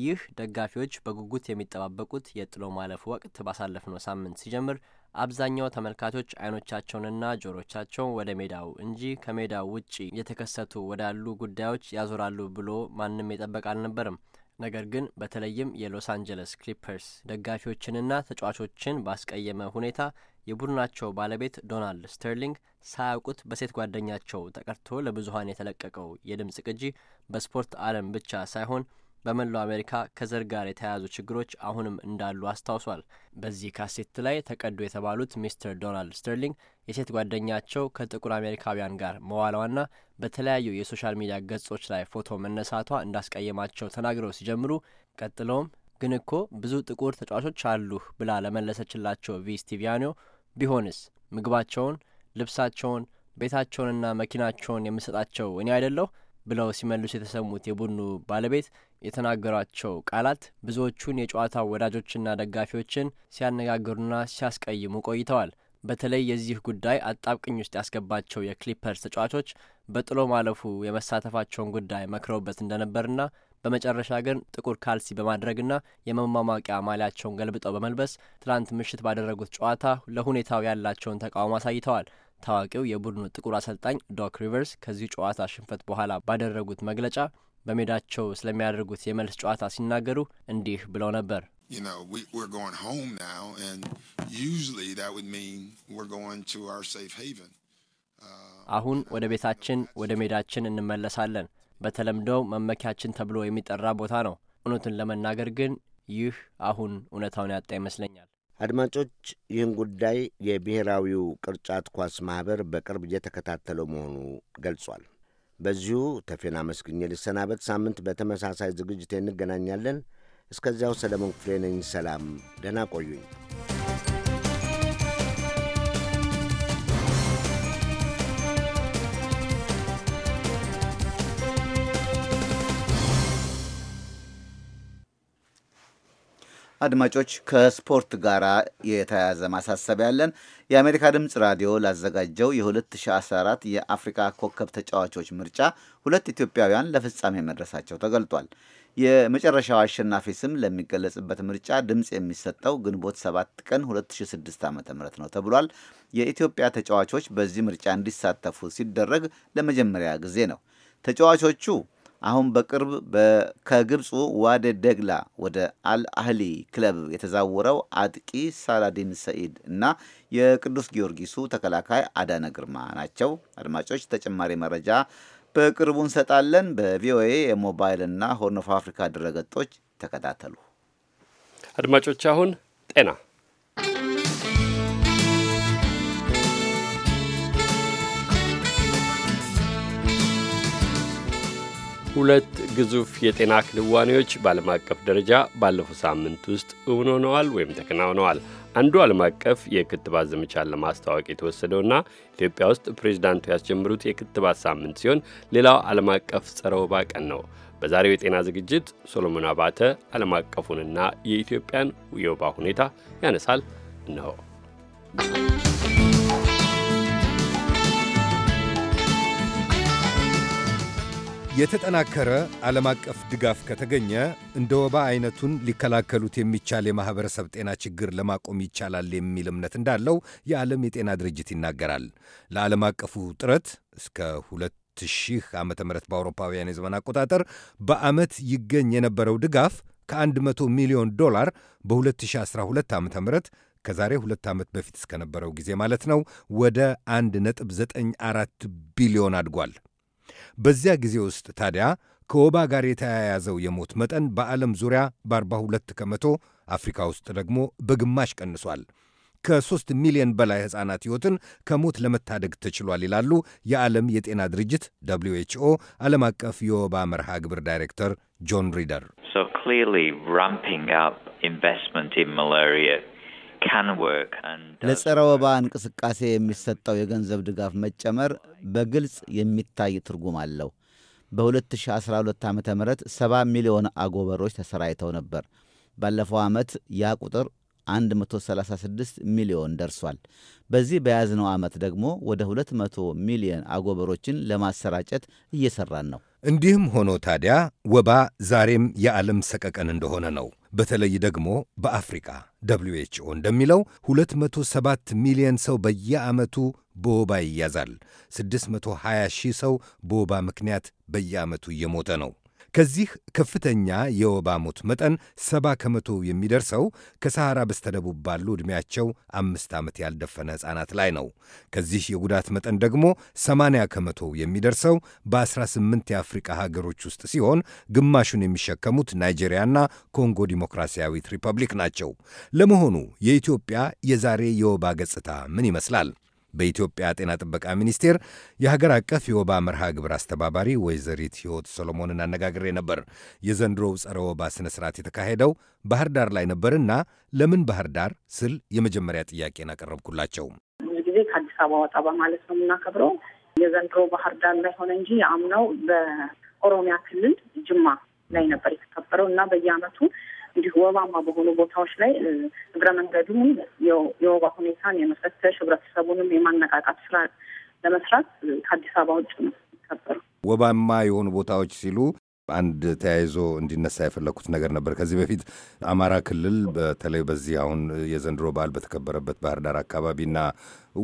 ይህ ደጋፊዎች በጉጉት የሚጠባበቁት የጥሎ ማለፍ ወቅት ባሳለፍነው ሳምንት ሲጀምር አብዛኛው ተመልካቾች አይኖቻቸውንና ጆሮቻቸውን ወደ ሜዳው እንጂ ከሜዳው ውጪ የተከሰቱ ወዳሉ ጉዳዮች ያዞራሉ ብሎ ማንም የጠበቅ አልነበርም። ነገር ግን በተለይም የሎስ አንጀለስ ክሊፐርስ ደጋፊዎችንና ተጫዋቾችን ባስቀየመ ሁኔታ የቡድናቸው ባለቤት ዶናልድ ስተርሊንግ ሳያውቁት በሴት ጓደኛቸው ተቀድቶ ለብዙሀን የተለቀቀው የድምፅ ቅጂ በስፖርት ዓለም ብቻ ሳይሆን በመላው አሜሪካ ከዘር ጋር የተያያዙ ችግሮች አሁንም እንዳሉ አስታውሷል። በዚህ ካሴት ላይ ተቀዶ የተባሉት ሚስተር ዶናልድ ስተርሊንግ የሴት ጓደኛቸው ከጥቁር አሜሪካውያን ጋር መዋሏና በተለያዩ የሶሻል ሚዲያ ገጾች ላይ ፎቶ መነሳቷ እንዳስቀየማቸው ተናግረው ሲጀምሩ ቀጥለውም ግን እኮ ብዙ ጥቁር ተጫዋቾች አሉ ብላ ለመለሰችላቸው ቪ ቢሆንስ ምግባቸውን፣ ልብሳቸውን፣ ቤታቸውንና መኪናቸውን የምሰጣቸው እኔ አይደለሁ ብለው ሲመልሱ የተሰሙት የቡድኑ ባለቤት የተናገሯቸው ቃላት ብዙዎቹን የጨዋታ ወዳጆችና ደጋፊዎችን ሲያነጋግሩና ሲያስቀይሙ ቆይተዋል። በተለይ የዚህ ጉዳይ አጣብቅኝ ውስጥ ያስገባቸው የክሊፐርስ ተጫዋቾች በጥሎ ማለፉ የመሳተፋቸውን ጉዳይ መክረውበት እንደነበርና በመጨረሻ ግን ጥቁር ካልሲ በማድረግና የመማማቂያ ማሊያቸውን ገልብጠው በመልበስ ትናንት ምሽት ባደረጉት ጨዋታ ለሁኔታው ያላቸውን ተቃውሞ አሳይተዋል። ታዋቂው የቡድኑ ጥቁር አሰልጣኝ ዶክ ሪቨርስ ከዚሁ ጨዋታ ሽንፈት በኋላ ባደረጉት መግለጫ በሜዳቸው ስለሚያደርጉት የመልስ ጨዋታ ሲናገሩ እንዲህ ብለው ነበር። uh, አሁን ወደ ቤታችን ወደ ሜዳችን እንመለሳለን። በተለምዶ መመኪያችን ተብሎ የሚጠራ ቦታ ነው። እውነቱን ለመናገር ግን ይህ አሁን እውነታውን ያጣ ይመስለኛል። አድማጮች፣ ይህን ጉዳይ የብሔራዊው ቅርጫት ኳስ ማኅበር በቅርብ እየተከታተለው መሆኑ ገልጿል። በዚሁ ተፌና መስግኜ ልሰናበት። ሳምንት በተመሳሳይ ዝግጅት እንገናኛለን። እስከዚያው ሰለሞን ክፍሌ ነኝ። ሰላም፣ ደህና ቆዩኝ። አድማጮች ከስፖርት ጋር የተያያዘ ማሳሰቢያ ያለን የአሜሪካ ድምፅ ራዲዮ ላዘጋጀው የ2014 የአፍሪካ ኮከብ ተጫዋቾች ምርጫ ሁለት ኢትዮጵያውያን ለፍጻሜ መድረሳቸው ተገልጧል። የመጨረሻው አሸናፊ ስም ለሚገለጽበት ምርጫ ድምፅ የሚሰጠው ግንቦት 7 ቀን 2006 ዓ ም ነው ተብሏል። የኢትዮጵያ ተጫዋቾች በዚህ ምርጫ እንዲሳተፉ ሲደረግ ለመጀመሪያ ጊዜ ነው። ተጫዋቾቹ አሁን በቅርብ ከግብፁ ዋደ ደግላ ወደ አልአህሊ ክለብ የተዛወረው አጥቂ ሳላዲን ሰኢድ እና የቅዱስ ጊዮርጊሱ ተከላካይ አዳነ ግርማ ናቸው። አድማጮች ተጨማሪ መረጃ በቅርቡ እንሰጣለን። በቪኦኤ የሞባይልና ሆርን ኦፍ አፍሪካ ድረገጦች ተከታተሉ። አድማጮች አሁን ጤና ሁለት ግዙፍ የጤና ክንዋኔዎች በዓለም አቀፍ ደረጃ ባለፈው ሳምንት ውስጥ እውን ሆነዋል ወይም ተከናውነዋል። አንዱ ዓለም አቀፍ የክትባት ዘመቻን ለማስተዋወቅ የተወሰደውና ኢትዮጵያ ውስጥ ፕሬዚዳንቱ ያስጀምሩት የክትባት ሳምንት ሲሆን ሌላው ዓለም አቀፍ ጸረ ወባ ቀን ነው። በዛሬው የጤና ዝግጅት ሶሎሞን አባተ ዓለም አቀፉንና የኢትዮጵያን የወባ ሁኔታ ያነሳል ነው። የተጠናከረ ዓለም አቀፍ ድጋፍ ከተገኘ እንደ ወባ አይነቱን ሊከላከሉት የሚቻል የማኅበረሰብ ጤና ችግር ለማቆም ይቻላል የሚል እምነት እንዳለው የዓለም የጤና ድርጅት ይናገራል። ለዓለም አቀፉ ጥረት እስከ ሁለት ሺህ ዓመተ ምህረት በአውሮፓውያን የዘመን አቆጣጠር በዓመት ይገኝ የነበረው ድጋፍ ከ100 ሚሊዮን ዶላር በ2012 ዓ ም ከዛሬ ሁለት ዓመት በፊት እስከነበረው ጊዜ ማለት ነው ወደ 1.94 ቢሊዮን አድጓል። በዚያ ጊዜ ውስጥ ታዲያ ከወባ ጋር የተያያዘው የሞት መጠን በዓለም ዙሪያ በ42 ከመቶ፣ አፍሪካ ውስጥ ደግሞ በግማሽ ቀንሷል። ከሦስት ሚሊዮን በላይ ሕፃናት ሕይወትን ከሞት ለመታደግ ተችሏል ይላሉ የዓለም የጤና ድርጅት ደብሊው ኤች ኦ ዓለም አቀፍ የወባ መርሃ ግብር ዳይሬክተር ጆን ሪደር። ለጸረ ወባ እንቅስቃሴ የሚሰጠው የገንዘብ ድጋፍ መጨመር በግልጽ የሚታይ ትርጉም አለው። በ2012 ዓ ም 70 ሚሊዮን አጎበሮች ተሰራይተው ነበር። ባለፈው ዓመት ያ ቁጥር 136 ሚሊዮን ደርሷል። በዚህ በያዝነው ዓመት ደግሞ ወደ 200 ሚሊዮን አጎበሮችን ለማሰራጨት እየሰራን ነው። እንዲህም ሆኖ ታዲያ ወባ ዛሬም የዓለም ሰቀቀን እንደሆነ ነው። በተለይ ደግሞ በአፍሪካ ደብሊው ኤች ኦ እንደሚለው 207 ሚሊዮን ሰው በየዓመቱ በወባ ይያዛል። 620 ሺህ ሰው በወባ ምክንያት በየዓመቱ እየሞተ ነው። ከዚህ ከፍተኛ የወባ ሞት መጠን ሰባ ከመቶ የሚደርሰው ከሰሐራ በስተደቡብ ባሉ ዕድሜያቸው አምስት ዓመት ያልደፈነ ሕፃናት ላይ ነው። ከዚህ የጉዳት መጠን ደግሞ ሰማንያ ከመቶ የሚደርሰው በ18 የአፍሪቃ ሀገሮች ውስጥ ሲሆን ግማሹን የሚሸከሙት ናይጄሪያና ኮንጎ ዲሞክራሲያዊት ሪፐብሊክ ናቸው። ለመሆኑ የኢትዮጵያ የዛሬ የወባ ገጽታ ምን ይመስላል? በኢትዮጵያ ጤና ጥበቃ ሚኒስቴር የሀገር አቀፍ የወባ መርሃ ግብር አስተባባሪ ወይዘሪት ሕይወት ሰሎሞንን አነጋግሬ ነበር። የዘንድሮው ጸረ ወባ ሥነ ሥርዓት የተካሄደው ባህር ዳር ላይ ነበርና ለምን ባህር ዳር ስል የመጀመሪያ ጥያቄን አቀረብኩላቸው። ብዙ ጊዜ ከአዲስ አበባ ወጣ በማለት ነው የምናከብረው። የዘንድሮ ባህር ዳር ላይ ሆነ እንጂ የአምናው በኦሮሚያ ክልል ጅማ ላይ ነበር የተከበረው እና በየዓመቱ እንዲሁ ወባማ በሆኑ ቦታዎች ላይ እግረ መንገዱን የወባ ሁኔታን የመፈተሽ ህብረተሰቡንም የማነቃቃት ስራ ለመስራት ከአዲስ አበባ ውጭ ነው የሚከበረው። ወባማ የሆኑ ቦታዎች ሲሉ አንድ ተያይዞ እንዲነሳ የፈለግኩት ነገር ነበር። ከዚህ በፊት አማራ ክልል በተለይ በዚህ አሁን የዘንድሮ በዓል በተከበረበት ባህር ዳር አካባቢና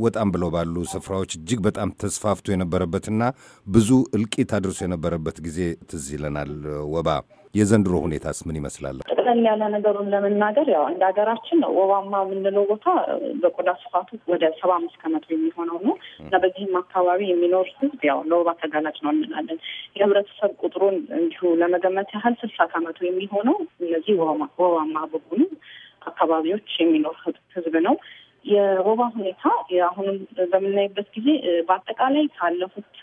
ወጣም ብለው ባሉ ስፍራዎች እጅግ በጣም ተስፋፍቶ የነበረበትና ብዙ እልቂት አድርሶ የነበረበት ጊዜ ትዝ ይለናል ወባ የዘንድሮ ሁኔታስ ምን ይመስላል? ጠቅለል ያለ ነገሩን ለመናገር ያው እንደ ሀገራችን ወባማ የምንለው ቦታ በቆዳ ስፋቱ ወደ ሰባ አምስት ከመቶ የሚሆነው ነው እና በዚህም አካባቢ የሚኖር ህዝብ ያው ለወባ ተጋላጭ ነው እንላለን። የህብረተሰብ ቁጥሩን እንዲሁ ለመገመት ያህል ስልሳ ከመቶ የሚሆነው እነዚህ ወባማ በሆኑ አካባቢዎች የሚኖር ህዝብ ነው። የወባ ሁኔታ አሁንም በምናይበት ጊዜ በአጠቃላይ ካለፉት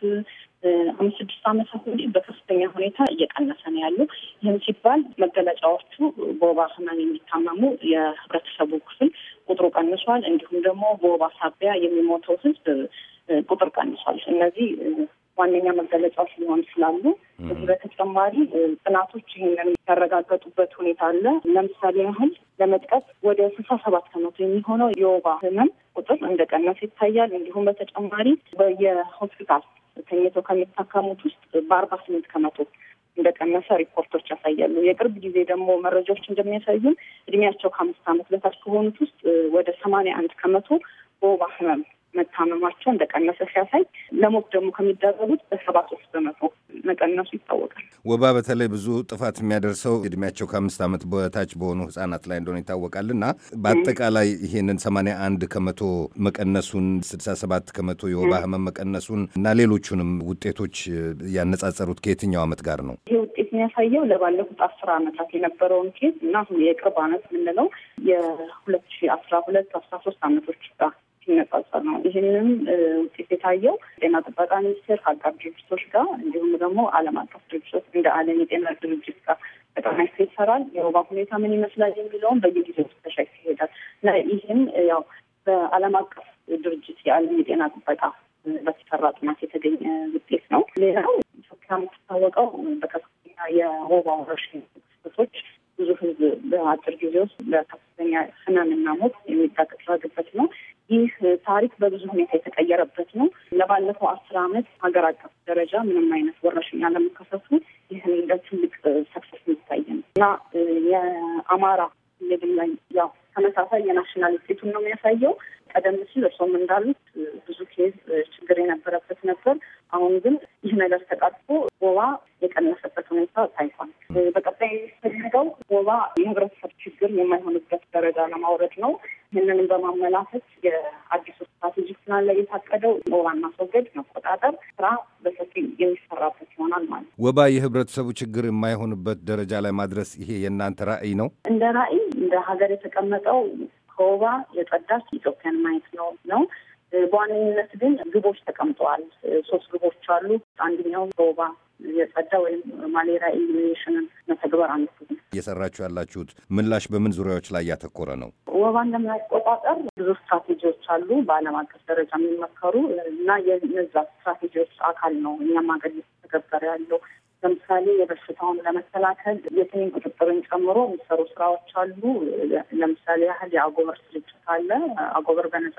አምስት ስድስት ዓመታት ወዲህ በከፍተኛ ሁኔታ እየቀነሰ ነው ያሉ። ይህም ሲባል መገለጫዎቹ በወባ ህመም የሚታመሙ የህብረተሰቡ ክፍል ቁጥሩ ቀንሷል። እንዲሁም ደግሞ በወባ ሳቢያ የሚሞተው ህዝብ ቁጥር ቀንሷል። እነዚህ ዋነኛ መገለጫዎች ሊሆን ይችላሉ። በተጨማሪ ጥናቶች ይህንን ያረጋገጡበት ሁኔታ አለ። ለምሳሌ ያህል ለመጥቀስ ወደ ስልሳ ሰባት ከመቶ የሚሆነው የወባ ህመም ቁጥር እንደቀነሰ ይታያል። እንዲሁም በተጨማሪ የሆስፒታል ተኝተው ከሚታከሙት ውስጥ በአርባ ስምንት ከመቶ እንደቀነሰ ሪፖርቶች ያሳያሉ። የቅርብ ጊዜ ደግሞ መረጃዎች እንደሚያሳዩን እድሜያቸው ከአምስት ዓመት በታች ከሆኑት ውስጥ ወደ ሰማንያ አንድ ከመቶ በወባ ህመም መታመማቸው እንደቀነሰ ሲያሳይ ለሞት ደግሞ ከሚደረጉት በሰባ ሶስት በመቶ መቀነሱ ይታወቃል። ወባ በተለይ ብዙ ጥፋት የሚያደርሰው እድሜያቸው ከአምስት ዓመት በታች በሆኑ ህጻናት ላይ እንደሆነ ይታወቃል እና በአጠቃላይ ይሄንን ሰማንያ አንድ ከመቶ መቀነሱን ስድሳ ሰባት ከመቶ የወባ ህመም መቀነሱን እና ሌሎቹንም ውጤቶች ያነጻጸሩት ከየትኛው ዓመት ጋር ነው? ይሄ ውጤት የሚያሳየው ለባለፉት አስር ዓመታት የነበረውን ኬዝ እና የቅርብ ዓመት የምንለው የሁለት አስራ ሁለት አስራ ሶስት ዓመቶች ጋር ሲነጻጸር ነው። ይህንም ውጤት የታየው ጤና ጥበቃ ሚኒስቴር ከአጋር ድርጅቶች ጋር እንዲሁም ደግሞ ዓለም አቀፍ ድርጅቶች እንደ ዓለም የጤና ድርጅት ጋር በጣም አይቶ ይሰራል። የወባ ሁኔታ ምን ይመስላል የሚለውም በየጊዜው ተሻሽ ይሄዳል እና ይህም ያው በዓለም አቀፍ ድርጅት የዓለም የጤና ጥበቃ በተሰራ ጥናት የተገኘ ውጤት ነው። ሌላው ኢትዮጵያ የምትታወቀው በከፍተኛ የወባ ወረርሽኝ ክስተቶች ብዙ ህዝብ በአጭር ጊዜ ውስጥ በከፍተኛ ህመምና ሞት የሚዳረግበት ነው። ይህ ታሪክ በብዙ ሁኔታ የተቀየረበት ነው። ለባለፈው አስር ዓመት ሀገር አቀፍ ደረጃ ምንም አይነት ወረርሽኝ አለመከሰቱ ይህን እንደ ትልቅ ሰክሰስ የሚታይ ነው እና የአማራ ክልል ላይ ያው ተመሳሳይ የናሽናል ስቴቱን ነው የሚያሳየው ቀደም ሲል እርሶም እንዳሉት ብዙ ኬዝ ችግር የነበረበት ነበር። አሁን ግን ይህ ነገር ተቃጥፎ ወባ የቀነሰበት ሁኔታ ታይቷል። በቀጣይ የሚፈልገው ወባ የህብረተሰብ ችግር የማይሆንበት ደረጃ ለማውረድ ነው። ይህንንም በማመላከት የአዲሱ ስትራቴጂክ ፕላን ላይ የታቀደው ወባ ማስወገድ፣ መቆጣጠር ስራ በሰፊ የሚሰራበት ይሆናል ማለት ነው። ወባ የህብረተሰቡ ችግር የማይሆንበት ደረጃ ላይ ማድረስ ይሄ የእናንተ ራዕይ ነው። እንደ ራዕይ እንደ ሀገር የተቀመጠው ከወባ የጸዳች ኢትዮጵያን ማየት ነው ነው። በዋነኝነት ግን ግቦች ተቀምጠዋል። ሶስት ግቦች አሉ። አንደኛው ከወባ የጸዳ ወይም ማሌሪያ ኢሊሚኔሽንን መተግበር አንዱ እየሰራችሁ ያላችሁት ምላሽ በምን ዙሪያዎች ላይ ያተኮረ ነው? ወባ ለመቆጣጠር ብዙ ስትራቴጂዎች አሉ በዓለም አቀፍ ደረጃ የሚመከሩ እና የነዛ ስትራቴጂዎች አካል ነው እኛም ሀገር እየተተገበረ ያለው ለምሳሌ የበሽታውን ለመከላከል የትንኝ ቁጥጥርን ጨምሮ የሚሰሩ ስራዎች አሉ። ለምሳሌ ያህል የአጎበር ስርጭት አለ። አጎበር በነጻ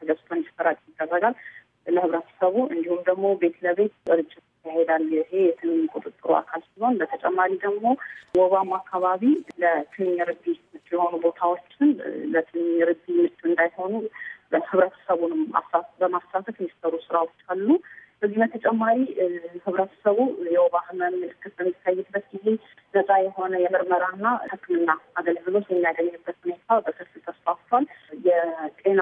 ተገዝቶ እንዲሰራጭ ይደረጋል ለህብረተሰቡ። እንዲሁም ደግሞ ቤት ለቤት ስርጭት ይካሄዳል። ይሄ የትንኝ ቁጥጥሩ አካል ሲሆን በተጨማሪ ደግሞ ወባም አካባቢ ለትንኝ ርቢ ምቹ የሆኑ ቦታዎችን ለትንኝ ርቢ ምቹ እንዳይሆኑ ህብረተሰቡንም በማሳተፍ የሚሰሩ ስራዎች አሉ። በዚህ በተጨማሪ ህብረተሰቡ የወባ ህመም ምልክት በሚታይበት ጊዜ ነጻ የሆነ የምርመራና ሕክምና አገልግሎት የሚያገኝበት ሁኔታ በሰፊው ተስፋፍቷል። የጤና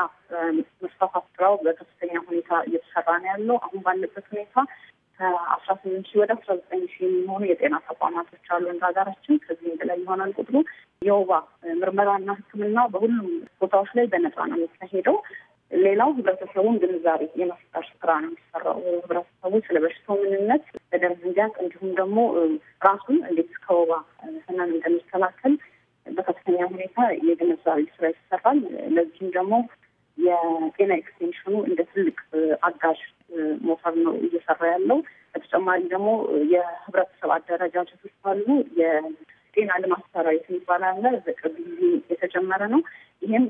መስፋፋት ስራው በከፍተኛ ሁኔታ እየተሰራ ነው ያለው። አሁን ባለበት ሁኔታ ከአስራ ስምንት ሺህ ወደ አስራ ዘጠኝ ሺህ የሚሆኑ የጤና ተቋማቶች አሉ እንደ ሀገራችን። ከዚህም በላይ ይሆናል ቁጥሩ። የወባ ምርመራና ሕክምና በሁሉም ቦታዎች ላይ በነጻ ነው የሚካሄደው። ሌላው ህብረተሰቡን ግንዛቤ የመፍጠር ስራ ነው የሚሰራው። ህብረተሰቡ ስለ በሽታው ምንነት በደንብ እንዲያውቅ እንዲሁም ደግሞ ራሱን እንዴት ከወባ ህመም እንደሚከላከል በከፍተኛ ሁኔታ የግንዛቤ ስራ ይሰራል። ለዚህም ደግሞ የጤና ኤክስቴንሽኑ እንደ ትልቅ አጋዥ ሞተር ነው እየሰራ ያለው። በተጨማሪ ደግሞ የህብረተሰብ አደረጃጀቶች አሉ። ጤና ልማት ሰራዊት የሚባል አለ። በቅርብ ጊዜ የተጀመረ ነው። ይህም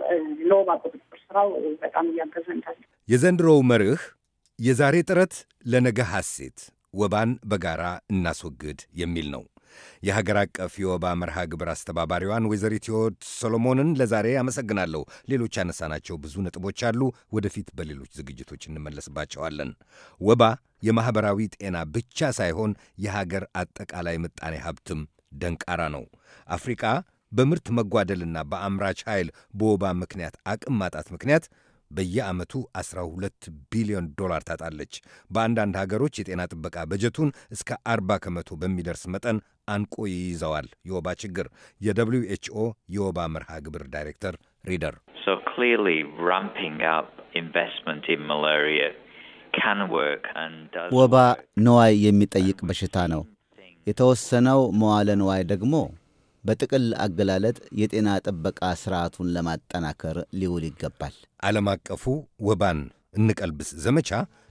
ለወባ ቁጥጥር ስራው በጣም እንዳለ የዘንድሮው መርህ የዛሬ ጥረት ለነገ ሐሴት ወባን በጋራ እናስወግድ የሚል ነው። የሀገር አቀፍ የወባ መርሃ ግብር አስተባባሪዋን ወይዘሪት ሕይወት ሶሎሞንን ለዛሬ አመሰግናለሁ። ሌሎች ያነሳናቸው ብዙ ነጥቦች አሉ። ወደፊት በሌሎች ዝግጅቶች እንመለስባቸዋለን። ወባ የማኅበራዊ ጤና ብቻ ሳይሆን የሀገር አጠቃላይ ምጣኔ ሀብትም ደንቃራ ነው። አፍሪቃ በምርት መጓደልና በአምራች ኃይል በወባ ምክንያት አቅም ማጣት ምክንያት በየዓመቱ 12 ቢሊዮን ዶላር ታጣለች። በአንዳንድ ሀገሮች የጤና ጥበቃ በጀቱን እስከ 40 ከመቶ በሚደርስ መጠን አንቆ ይይዘዋል። የወባ ችግር የደብሊው ኤች ኦ የወባ መርሃ ግብር ዳይሬክተር ሪደር ወባ ነዋይ የሚጠይቅ በሽታ ነው። የተወሰነው መዋለ ንዋይ ደግሞ በጥቅል አገላለጥ የጤና ጥበቃ ሥርዓቱን ለማጠናከር ሊውል ይገባል። ዓለም አቀፉ ወባን እንቀልብስ ዘመቻ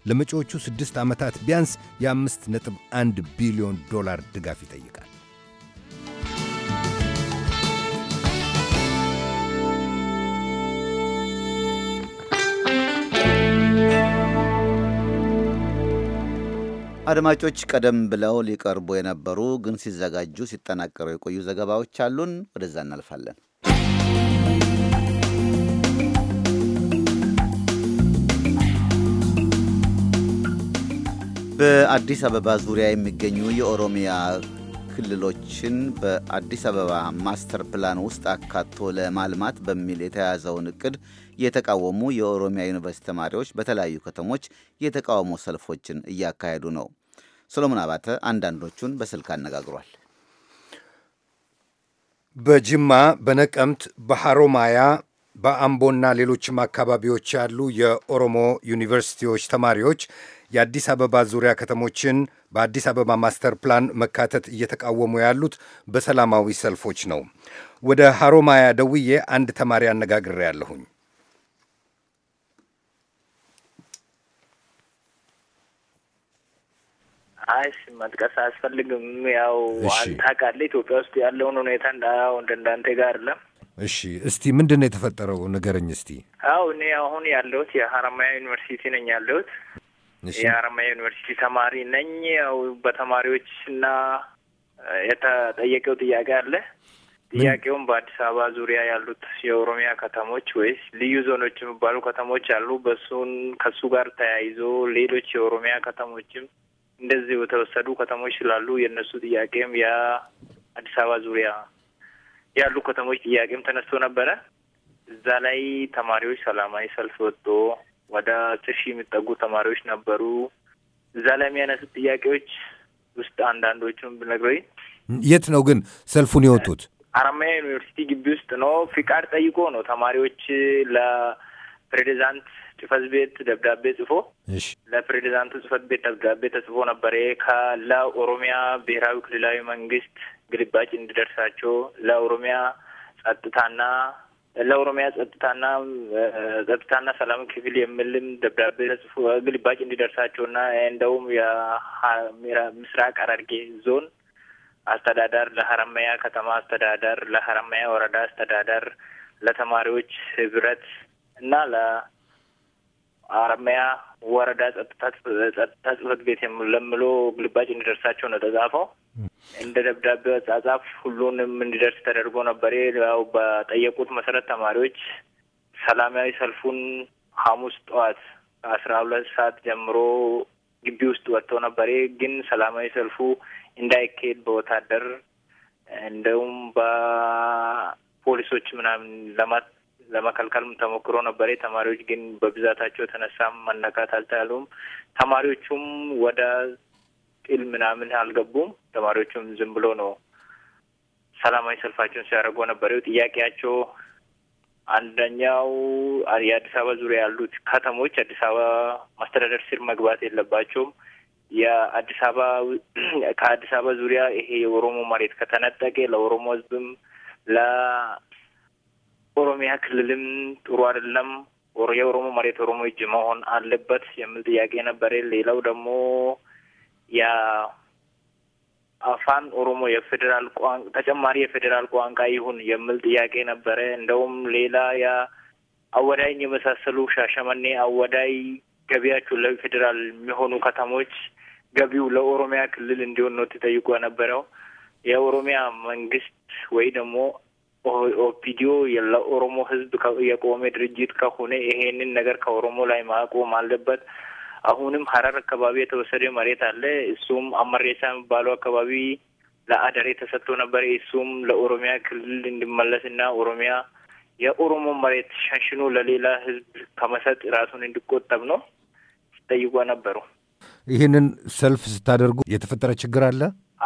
ለመጪዎቹ ስድስት ዓመታት ቢያንስ የአምስት ነጥብ አንድ ቢሊዮን ዶላር ድጋፍ ይጠይቃል። አድማጮች ቀደም ብለው ሊቀርቡ የነበሩ ግን ሲዘጋጁ ሲጠናቀሩ የቆዩ ዘገባዎች አሉን። ወደዛ እናልፋለን። በአዲስ አበባ ዙሪያ የሚገኙ የኦሮሚያ ክልሎችን በአዲስ አበባ ማስተር ፕላን ውስጥ አካቶ ለማልማት በሚል የተያዘውን እቅድ የተቃወሙ የኦሮሚያ ዩኒቨርሲቲ ተማሪዎች በተለያዩ ከተሞች የተቃውሞ ሰልፎችን እያካሄዱ ነው። ሰሎሞን አባተ አንዳንዶቹን በስልክ አነጋግሯል። በጅማ፣ በነቀምት፣ በሐሮማያ በአምቦና ሌሎችም አካባቢዎች ያሉ የኦሮሞ ዩኒቨርሲቲዎች ተማሪዎች የአዲስ አበባ ዙሪያ ከተሞችን በአዲስ አበባ ማስተር ፕላን መካተት እየተቃወሙ ያሉት በሰላማዊ ሰልፎች ነው። ወደ ሐሮማያ ደውዬ አንድ ተማሪ አነጋግሬ ያለሁኝ አይስ መጥቀስ አያስፈልግም። ያው ታውቃለህ ኢትዮጵያ ውስጥ ያለውን ሁኔታ እንዳው እንደ እንዳንተ ጋር አይደለም። እሺ እስቲ ምንድን ነው የተፈጠረው ንገረኝ እስቲ። አው እኔ አሁን ያለሁት የሀረማያ ዩኒቨርሲቲ ነኝ ያለሁት የሀረማያ ዩኒቨርሲቲ ተማሪ ነኝ። ያው በተማሪዎች እና የተጠየቀው ጥያቄ አለ። ጥያቄውም በአዲስ አበባ ዙሪያ ያሉት የኦሮሚያ ከተሞች ወይስ ልዩ ዞኖች የሚባሉ ከተሞች አሉ። በሱን ከሱ ጋር ተያይዞ ሌሎች የኦሮሚያ ከተሞችም እንደዚህ የተወሰዱ ከተሞች ስላሉ የእነሱ ጥያቄም የአዲስ አበባ ዙሪያ ያሉ ከተሞች ጥያቄም ተነስቶ ነበረ። እዛ ላይ ተማሪዎች ሰላማዊ ሰልፍ ወጥቶ ወደ አስር ሺህ የሚጠጉ ተማሪዎች ነበሩ። እዛ ላይ የሚያነሱት ጥያቄዎች ውስጥ አንዳንዶቹን ብነግረኝ። የት ነው ግን ሰልፉን የወጡት? አራማያ ዩኒቨርሲቲ ግቢ ውስጥ ነው። ፍቃድ ጠይቆ ነው ተማሪዎች ለፕሬዚዳንት ጽፈት ቤት ደብዳቤ ጽፎ ለፕሬዚዳንቱ ጽፈት ቤት ደብዳቤ ተጽፎ ነበር። ይሄ ከላ ኦሮሚያ ብሔራዊ ክልላዊ መንግስት ግልባጭ እንዲደርሳቸው ለኦሮሚያ ጸጥታና ለኦሮሚያ ጸጥታና ጸጥታና ሰላም ክፍል የሚልም ደብዳቤ ተጽፎ ግልባጭ እንዲደርሳቸው እንዲደርሳቸውና እንደውም የምስራቅ ሐረርጌ ዞን አስተዳደር ለሀረማያ ከተማ አስተዳደር፣ ለሀረማያ ወረዳ አስተዳደር፣ ለተማሪዎች ህብረት እና አርሚያ ወረዳ ጸጥታ ጽህፈት ቤት ለምሎ ግልባጭ እንዲደርሳቸው ነው ተጻፈው። እንደ ደብዳቤው አጻጻፍ ሁሉንም እንዲደርስ ተደርጎ ነበር። ያው በጠየቁት መሰረት ተማሪዎች ሰላማዊ ሰልፉን ሐሙስ ጠዋት ከአስራ ሁለት ሰዓት ጀምሮ ግቢ ውስጥ ወጥተው ነበር። ግን ሰላማዊ ሰልፉ እንዳይካሄድ በወታደር እንደውም በፖሊሶች ምናምን ለማት ለመከልከልም ተሞክሮ ነበር። ተማሪዎች ግን በብዛታቸው የተነሳም መነካት አልቻሉም። ተማሪዎቹም ወደ ጥል ምናምን አልገቡም። ተማሪዎቹም ዝም ብሎ ነው ሰላማዊ ሰልፋቸውን ሲያደርጉ ነበር። ጥያቄያቸው አንደኛው የአዲስ አበባ ዙሪያ ያሉት ከተሞች አዲስ አበባ ማስተዳደር ስር መግባት የለባቸውም። የአዲስ አበባ ከአዲስ አበባ ዙሪያ ይሄ የኦሮሞ መሬት ከተነጠቀ ለኦሮሞ ለ ኦሮሚያ ክልልም ጥሩ አይደለም፣ የኦሮሞ መሬት ኦሮሞ እጅ መሆን አለበት የሚል ጥያቄ ነበር። ሌላው ደግሞ የአፋን ኦሮሞ የፌዴራል ቋንቋ ተጨማሪ የፌዴራል ቋንቋ ይሁን የሚል ጥያቄ ነበረ። እንደውም ሌላ የአወዳይን የመሳሰሉ ሻሸመኔ፣ አወዳይ ገቢያቸው ለፌዴራል የሚሆኑ ከተሞች ገቢው ለኦሮሚያ ክልል እንዲሆን ነው ተጠይቆ የነበረው። የኦሮሚያ መንግስት ወይ ደግሞ ኦፒዲዮ ለኦሮሞ ህዝብ የቆመ ድርጅት ከሆነ ይሄንን ነገር ከኦሮሞ ላይ ማቆም አለበት። አሁንም ሀረር አካባቢ የተወሰደ መሬት አለ። እሱም አመሬሳ የሚባለው አካባቢ ለአደሬ ተሰጥቶ ነበር። እሱም ለኦሮሚያ ክልል እንዲመለስ እና ኦሮሚያ የኦሮሞ መሬት ሸንሽኖ ለሌላ ህዝብ ከመሰጥ ራሱን እንዲቆጠብ ነው ሲጠይቋ ነበሩ። ይህንን ሰልፍ ስታደርጉ የተፈጠረ ችግር አለ?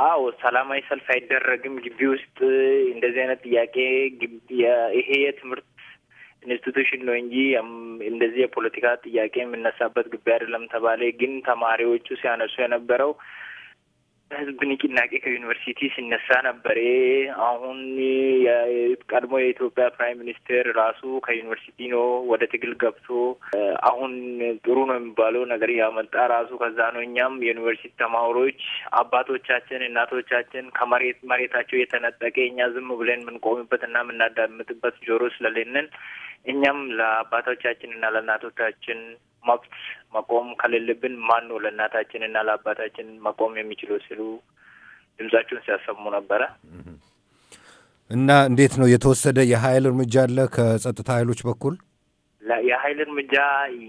አዎ ሰላማዊ ሰልፍ አይደረግም ግቢ ውስጥ እንደዚህ አይነት ጥያቄ ይሄ የትምህርት ኢንስቲቱሽን ነው እንጂ እንደዚህ የፖለቲካ ጥያቄ የምነሳበት ግቢ አይደለም ተባለ። ግን ተማሪዎቹ ሲያነሱ የነበረው ህዝብ ንቅናቄ ከዩኒቨርሲቲ ሲነሳ ነበር። አሁን ቀድሞ የኢትዮጵያ ፕራይም ሚኒስቴር ራሱ ከዩኒቨርሲቲ ነው ወደ ትግል ገብቶ አሁን ጥሩ ነው የሚባለው ነገር ያመጣ ራሱ ከዛ ነው። እኛም የዩኒቨርሲቲ ተማሪዎች አባቶቻችን፣ እናቶቻችን ከመሬት መሬታቸው የተነጠቀ እኛ ዝም ብለን የምንቆምበት እና የምናዳምጥበት ጆሮ ስለሌለን እኛም ለአባቶቻችን እና ለእናቶቻችን መብት መቆም ከሌለብን ማን ነው ለእናታችንና ለአባታችን መቆም የሚችሉ ሲሉ ድምጻቸውን ሲያሰሙ ነበረ። እና እንዴት ነው የተወሰደ የኃይል እርምጃ አለ ከጸጥታ ኃይሎች በኩል? የኃይል እርምጃ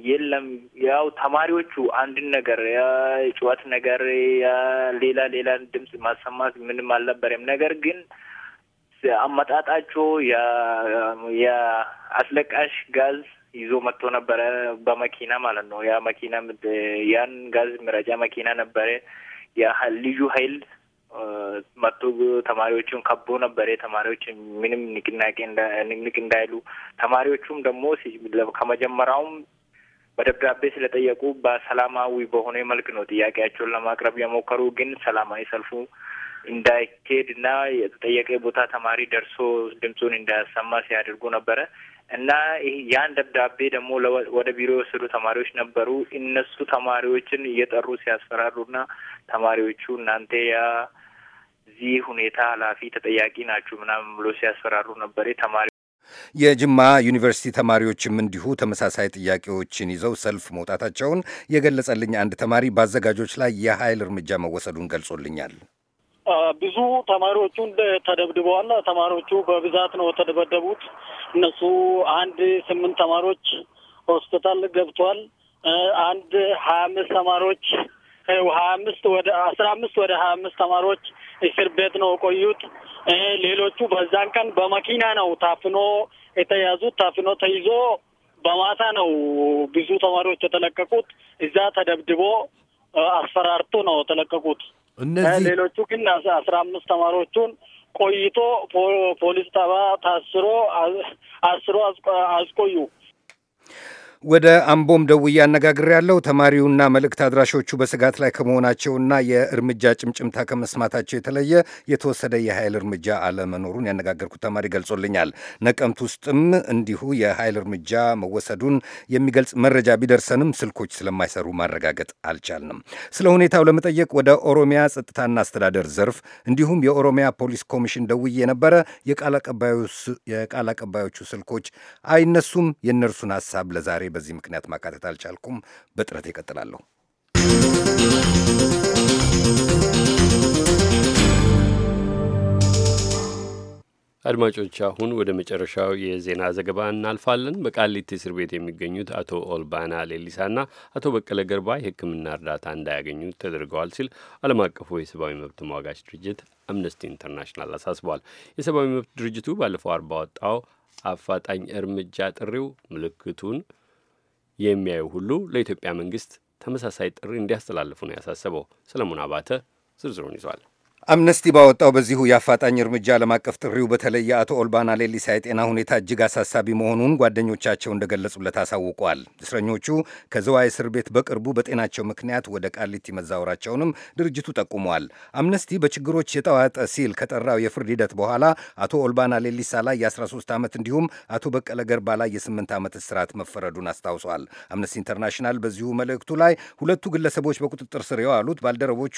የለም። ያው ተማሪዎቹ አንድን ነገር የጨዋት ነገር ሌላ ሌላ ድምፅ ማሰማት ምንም አልነበረም። ነገር ግን አመጣጣቸው የአስለቃሽ ጋዝ ይዞ መጥቶ ነበረ በመኪና ማለት ነው። ያ መኪና ያን ጋዝ መረጫ መኪና ነበረ። ያ ልዩ ኃይል መጥቶ ተማሪዎቹን ከቦ ነበረ። ተማሪዎች ምንም ንቅናቄ ንቅንቅ እንዳይሉ ተማሪዎቹም ደግሞ ከመጀመሪያውም በደብዳቤ ስለጠየቁ በሰላማዊ በሆነ መልክ ነው ጥያቄያቸውን ለማቅረብ የሞከሩ ግን ሰላማዊ ሰልፉ እንዳይካሄድ እና የተጠየቀ ቦታ ተማሪ ደርሶ ድምፁን እንዳያሰማ ሲያደርጉ ነበረ። እና ያን ደብዳቤ ደግሞ ወደ ቢሮ የወሰዱ ተማሪዎች ነበሩ። እነሱ ተማሪዎችን እየጠሩ ሲያስፈራሩና ተማሪዎቹ እናንተ ያ እዚህ ሁኔታ ኃላፊ ተጠያቂ ናችሁ ምናምን ብሎ ሲያስፈራሩ ነበር ተማሪ የጅማ ዩኒቨርሲቲ ተማሪዎችም እንዲሁ ተመሳሳይ ጥያቄዎችን ይዘው ሰልፍ መውጣታቸውን የገለጸልኝ አንድ ተማሪ በአዘጋጆች ላይ የኃይል እርምጃ መወሰዱን ገልጾልኛል። ብዙ ተማሪዎቹ ተደብድበዋል። ተማሪዎቹ በብዛት ነው የተደበደቡት። እነሱ አንድ ስምንት ተማሪዎች ሆስፒታል ገብተዋል። አንድ ሀያ አምስት ተማሪዎች ሀያ አምስት ወደ አስራ አምስት ወደ ሀያ አምስት ተማሪዎች እስር ቤት ነው የቆዩት። ሌሎቹ በዛን ቀን በመኪና ነው ታፍኖ የተያዙት። ታፍኖ ተይዞ በማታ ነው ብዙ ተማሪዎች የተለቀቁት። እዛ ተደብድቦ አስፈራርቶ ነው የተለቀቁት። እነዚህ ሌሎቹ ግን አስራ አምስት ተማሪዎቹን ቆይቶ ፖሊስ ጠባ ታስሮ አስሮ አስቆዩ። ወደ አምቦም ደውዬ ያለው ተማሪውና መልእክት አድራሾቹ በስጋት ላይ ከመሆናቸውና የእርምጃ ጭምጭምታ ከመስማታቸው የተለየ የተወሰደ የኃይል እርምጃ አለመኖሩን ያነጋገርኩት ተማሪ ገልጾልኛል። ነቀምት ውስጥም እንዲሁ የኃይል እርምጃ መወሰዱን የሚገልጽ መረጃ ቢደርሰንም ስልኮች ስለማይሰሩ ማረጋገጥ አልቻልንም። ስለ ሁኔታው ለመጠየቅ ወደ ኦሮሚያ ጸጥታና አስተዳደር ዘርፍ እንዲሁም የኦሮሚያ ፖሊስ ኮሚሽን ደውዬ ነበረ። የቃል አቀባዮቹ ስልኮች አይነሱም። የእነርሱን ሀሳብ ለዛሬ በዚህ ምክንያት ማካተት አልቻልኩም። በጥረት ይቀጥላለሁ። አድማጮች አሁን ወደ መጨረሻው የዜና ዘገባ እናልፋለን። በቃሊቲ እስር ቤት የሚገኙት አቶ ኦልባና ሌሊሳና አቶ በቀለ ገርባ የሕክምና እርዳታ እንዳያገኙ ተደርገዋል ሲል ዓለም አቀፉ የሰብአዊ መብት ተሟጋች ድርጅት አምነስቲ ኢንተርናሽናል አሳስቧል። የሰብአዊ መብት ድርጅቱ ባለፈው አርባ ወጣው አፋጣኝ እርምጃ ጥሪው ምልክቱን የሚያዩ ሁሉ ለኢትዮጵያ መንግስት ተመሳሳይ ጥሪ እንዲያስተላልፉ ነው ያሳሰበው። ሰለሞን አባተ ዝርዝሩን ይዟል። አምነስቲ ባወጣው በዚሁ የአፋጣኝ እርምጃ ዓለም አቀፍ ጥሪው በተለይ የአቶ ኦልባና ሌሊሳ የጤና ሁኔታ እጅግ አሳሳቢ መሆኑን ጓደኞቻቸው እንደገለጹለት አሳውቋል። እስረኞቹ ከዘዋ እስር ቤት በቅርቡ በጤናቸው ምክንያት ወደ ቃሊቲ መዛወራቸውንም ድርጅቱ ጠቁሟል። አምነስቲ በችግሮች የተዋጠ ሲል ከጠራው የፍርድ ሂደት በኋላ አቶ ኦልባና ሌሊሳ ላይ የ13 ዓመት እንዲሁም አቶ በቀለ ገርባ ላይ የ8 ዓመት እስራት መፈረዱን አስታውሷል። አምነስቲ ኢንተርናሽናል በዚሁ መልእክቱ ላይ ሁለቱ ግለሰቦች በቁጥጥር ስር የዋሉት ባልደረቦቹ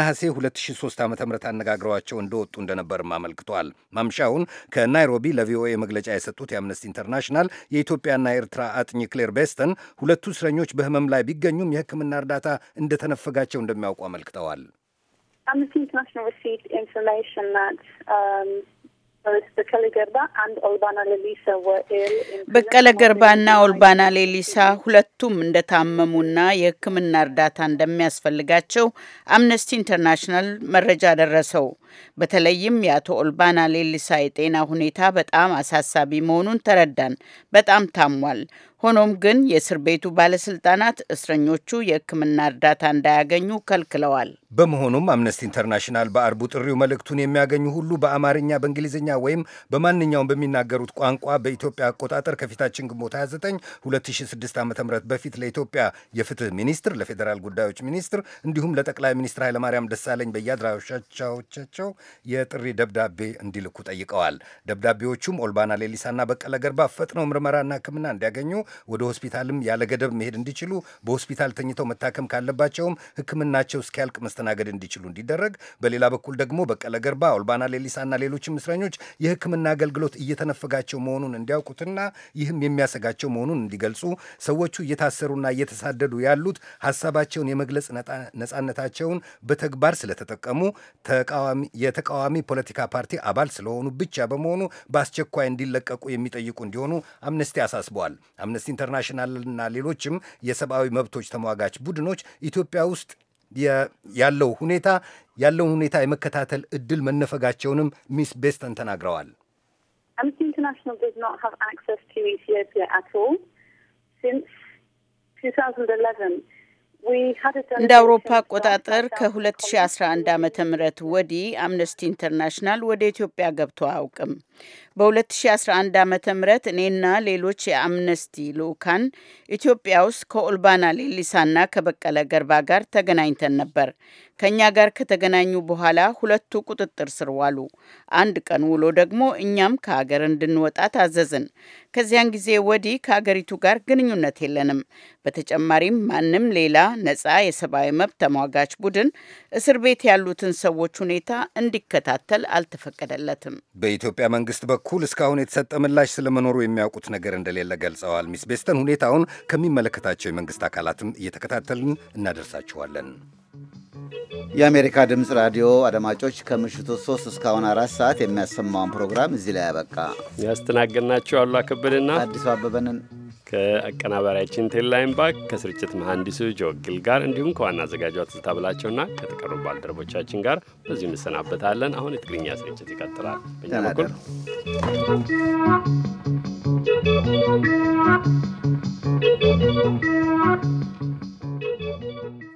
ነሐሴ 2003 ዓ አነጋግረዋቸው እንደወጡ እንደነበርም አመልክቷል። ማምሻውን ከናይሮቢ ለቪኦኤ መግለጫ የሰጡት የአምነስቲ ኢንተርናሽናል የኢትዮጵያና የኤርትራ አጥኚ ክሌር ቤስተን ሁለቱ እስረኞች በህመም ላይ ቢገኙም የህክምና እርዳታ እንደተነፈጋቸው እንደሚያውቁ አመልክተዋል። በቀለ ገርባና ኦልባና ሌሊሳ ሁለቱም እንደታመሙና የሕክምና እርዳታ እንደሚያስፈልጋቸው አምነስቲ ኢንተርናሽናል መረጃ ደረሰው። በተለይም የአቶ ኦልባና ሌሊሳ የጤና ሁኔታ በጣም አሳሳቢ መሆኑን ተረዳን። በጣም ታሟል። ሆኖም ግን የእስር ቤቱ ባለስልጣናት እስረኞቹ የሕክምና እርዳታ እንዳያገኙ ከልክለዋል። በመሆኑም አምነስቲ ኢንተርናሽናል በአርቡ ጥሪው መልእክቱን የሚያገኙ ሁሉ በአማርኛ፣ በእንግሊዝኛ ወይም በማንኛውም በሚናገሩት ቋንቋ በኢትዮጵያ አቆጣጠር ከፊታችን ግንቦት 29 2006 ዓ ም በፊት ለኢትዮጵያ የፍትህ ሚኒስትር፣ ለፌዴራል ጉዳዮች ሚኒስትር እንዲሁም ለጠቅላይ ሚኒስትር ኃይለማርያም ደሳለኝ በየአድራሻዎቻቸው የጥሪ ደብዳቤ እንዲልኩ ጠይቀዋል። ደብዳቤዎቹም ኦልባና ሌሊሳና በቀለ ገርባ ፈጥነው ምርመራና ሕክምና እንዲያገኙ ወደ ሆስፒታልም ያለ ገደብ መሄድ እንዲችሉ በሆስፒታል ተኝተው መታከም ካለባቸውም ሕክምናቸው እስኪያልቅ መስተናገድ እንዲችሉ እንዲደረግ፣ በሌላ በኩል ደግሞ በቀለ ገርባ፣ ኦልባና ሌሊሳና ሌሎችም እስረኞች የሕክምና አገልግሎት እየተነፈጋቸው መሆኑን እንዲያውቁትና ይህም የሚያሰጋቸው መሆኑን እንዲገልጹ፣ ሰዎቹ እየታሰሩና እየተሳደዱ ያሉት ሀሳባቸውን የመግለጽ ነጻነታቸውን በተግባር ስለተጠቀሙ የተቃዋሚ ፖለቲካ ፓርቲ አባል ስለሆኑ ብቻ በመሆኑ በአስቸኳይ እንዲለቀቁ የሚጠይቁ እንዲሆኑ አምነስቲ አሳስበዋል። አምነስቲ ኢንተርናሽናልና ሌሎችም የሰብአዊ መብቶች ተሟጋች ቡድኖች ኢትዮጵያ ውስጥ ያለው ሁኔታ ያለውን ሁኔታ የመከታተል እድል መነፈጋቸውንም ሚስ ቤስተን ተናግረዋል። እንደ አውሮፓ አቆጣጠር ከ2011 ዓ ም ወዲህ አምነስቲ ኢንተርናሽናል ወደ ኢትዮጵያ ገብቶ አያውቅም። በ2011 ዓ ም እኔና ሌሎች የአምነስቲ ልኡካን ኢትዮጵያ ውስጥ ከኦልባና ሌሊሳና ከበቀለ ገርባ ጋር ተገናኝተን ነበር። ከእኛ ጋር ከተገናኙ በኋላ ሁለቱ ቁጥጥር ስር ዋሉ። አንድ ቀን ውሎ ደግሞ እኛም ከሀገር እንድንወጣ ታዘዝን። ከዚያን ጊዜ ወዲህ ከሀገሪቱ ጋር ግንኙነት የለንም። በተጨማሪም ማንም ሌላ ነጻ የሰብአዊ መብት ተሟጋች ቡድን እስር ቤት ያሉትን ሰዎች ሁኔታ እንዲከታተል አልተፈቀደለትም። በኢትዮጵያ መንግስት በኩል በኩል እስካሁን የተሰጠ ምላሽ ስለመኖሩ የሚያውቁት ነገር እንደሌለ ገልጸዋል። ሚስ ቤስተን ሁኔታውን ከሚመለከታቸው የመንግስት አካላትም እየተከታተልን እናደርሳችኋለን። የአሜሪካ ድምፅ ራዲዮ አድማጮች ከምሽቱ 3 እስካሁን አራት ሰዓት የሚያሰማውን ፕሮግራም እዚህ ላይ ያበቃ። ያስተናገድናቸው አሉ አከበደና አዲሱ አበበንን ከአቀናባሪያችን ቴሌላይን ባክ ከስርጭት መሐንዲሱ ጆግል ጋር እንዲሁም ከዋና አዘጋጇ ትዝታ ብላቸውና ከተቀሩ ባልደረቦቻችን ጋር በዚሁ እንሰናበታለን። አሁን የትግርኛ ስርጭት ይቀጥላል። በኛ በኩል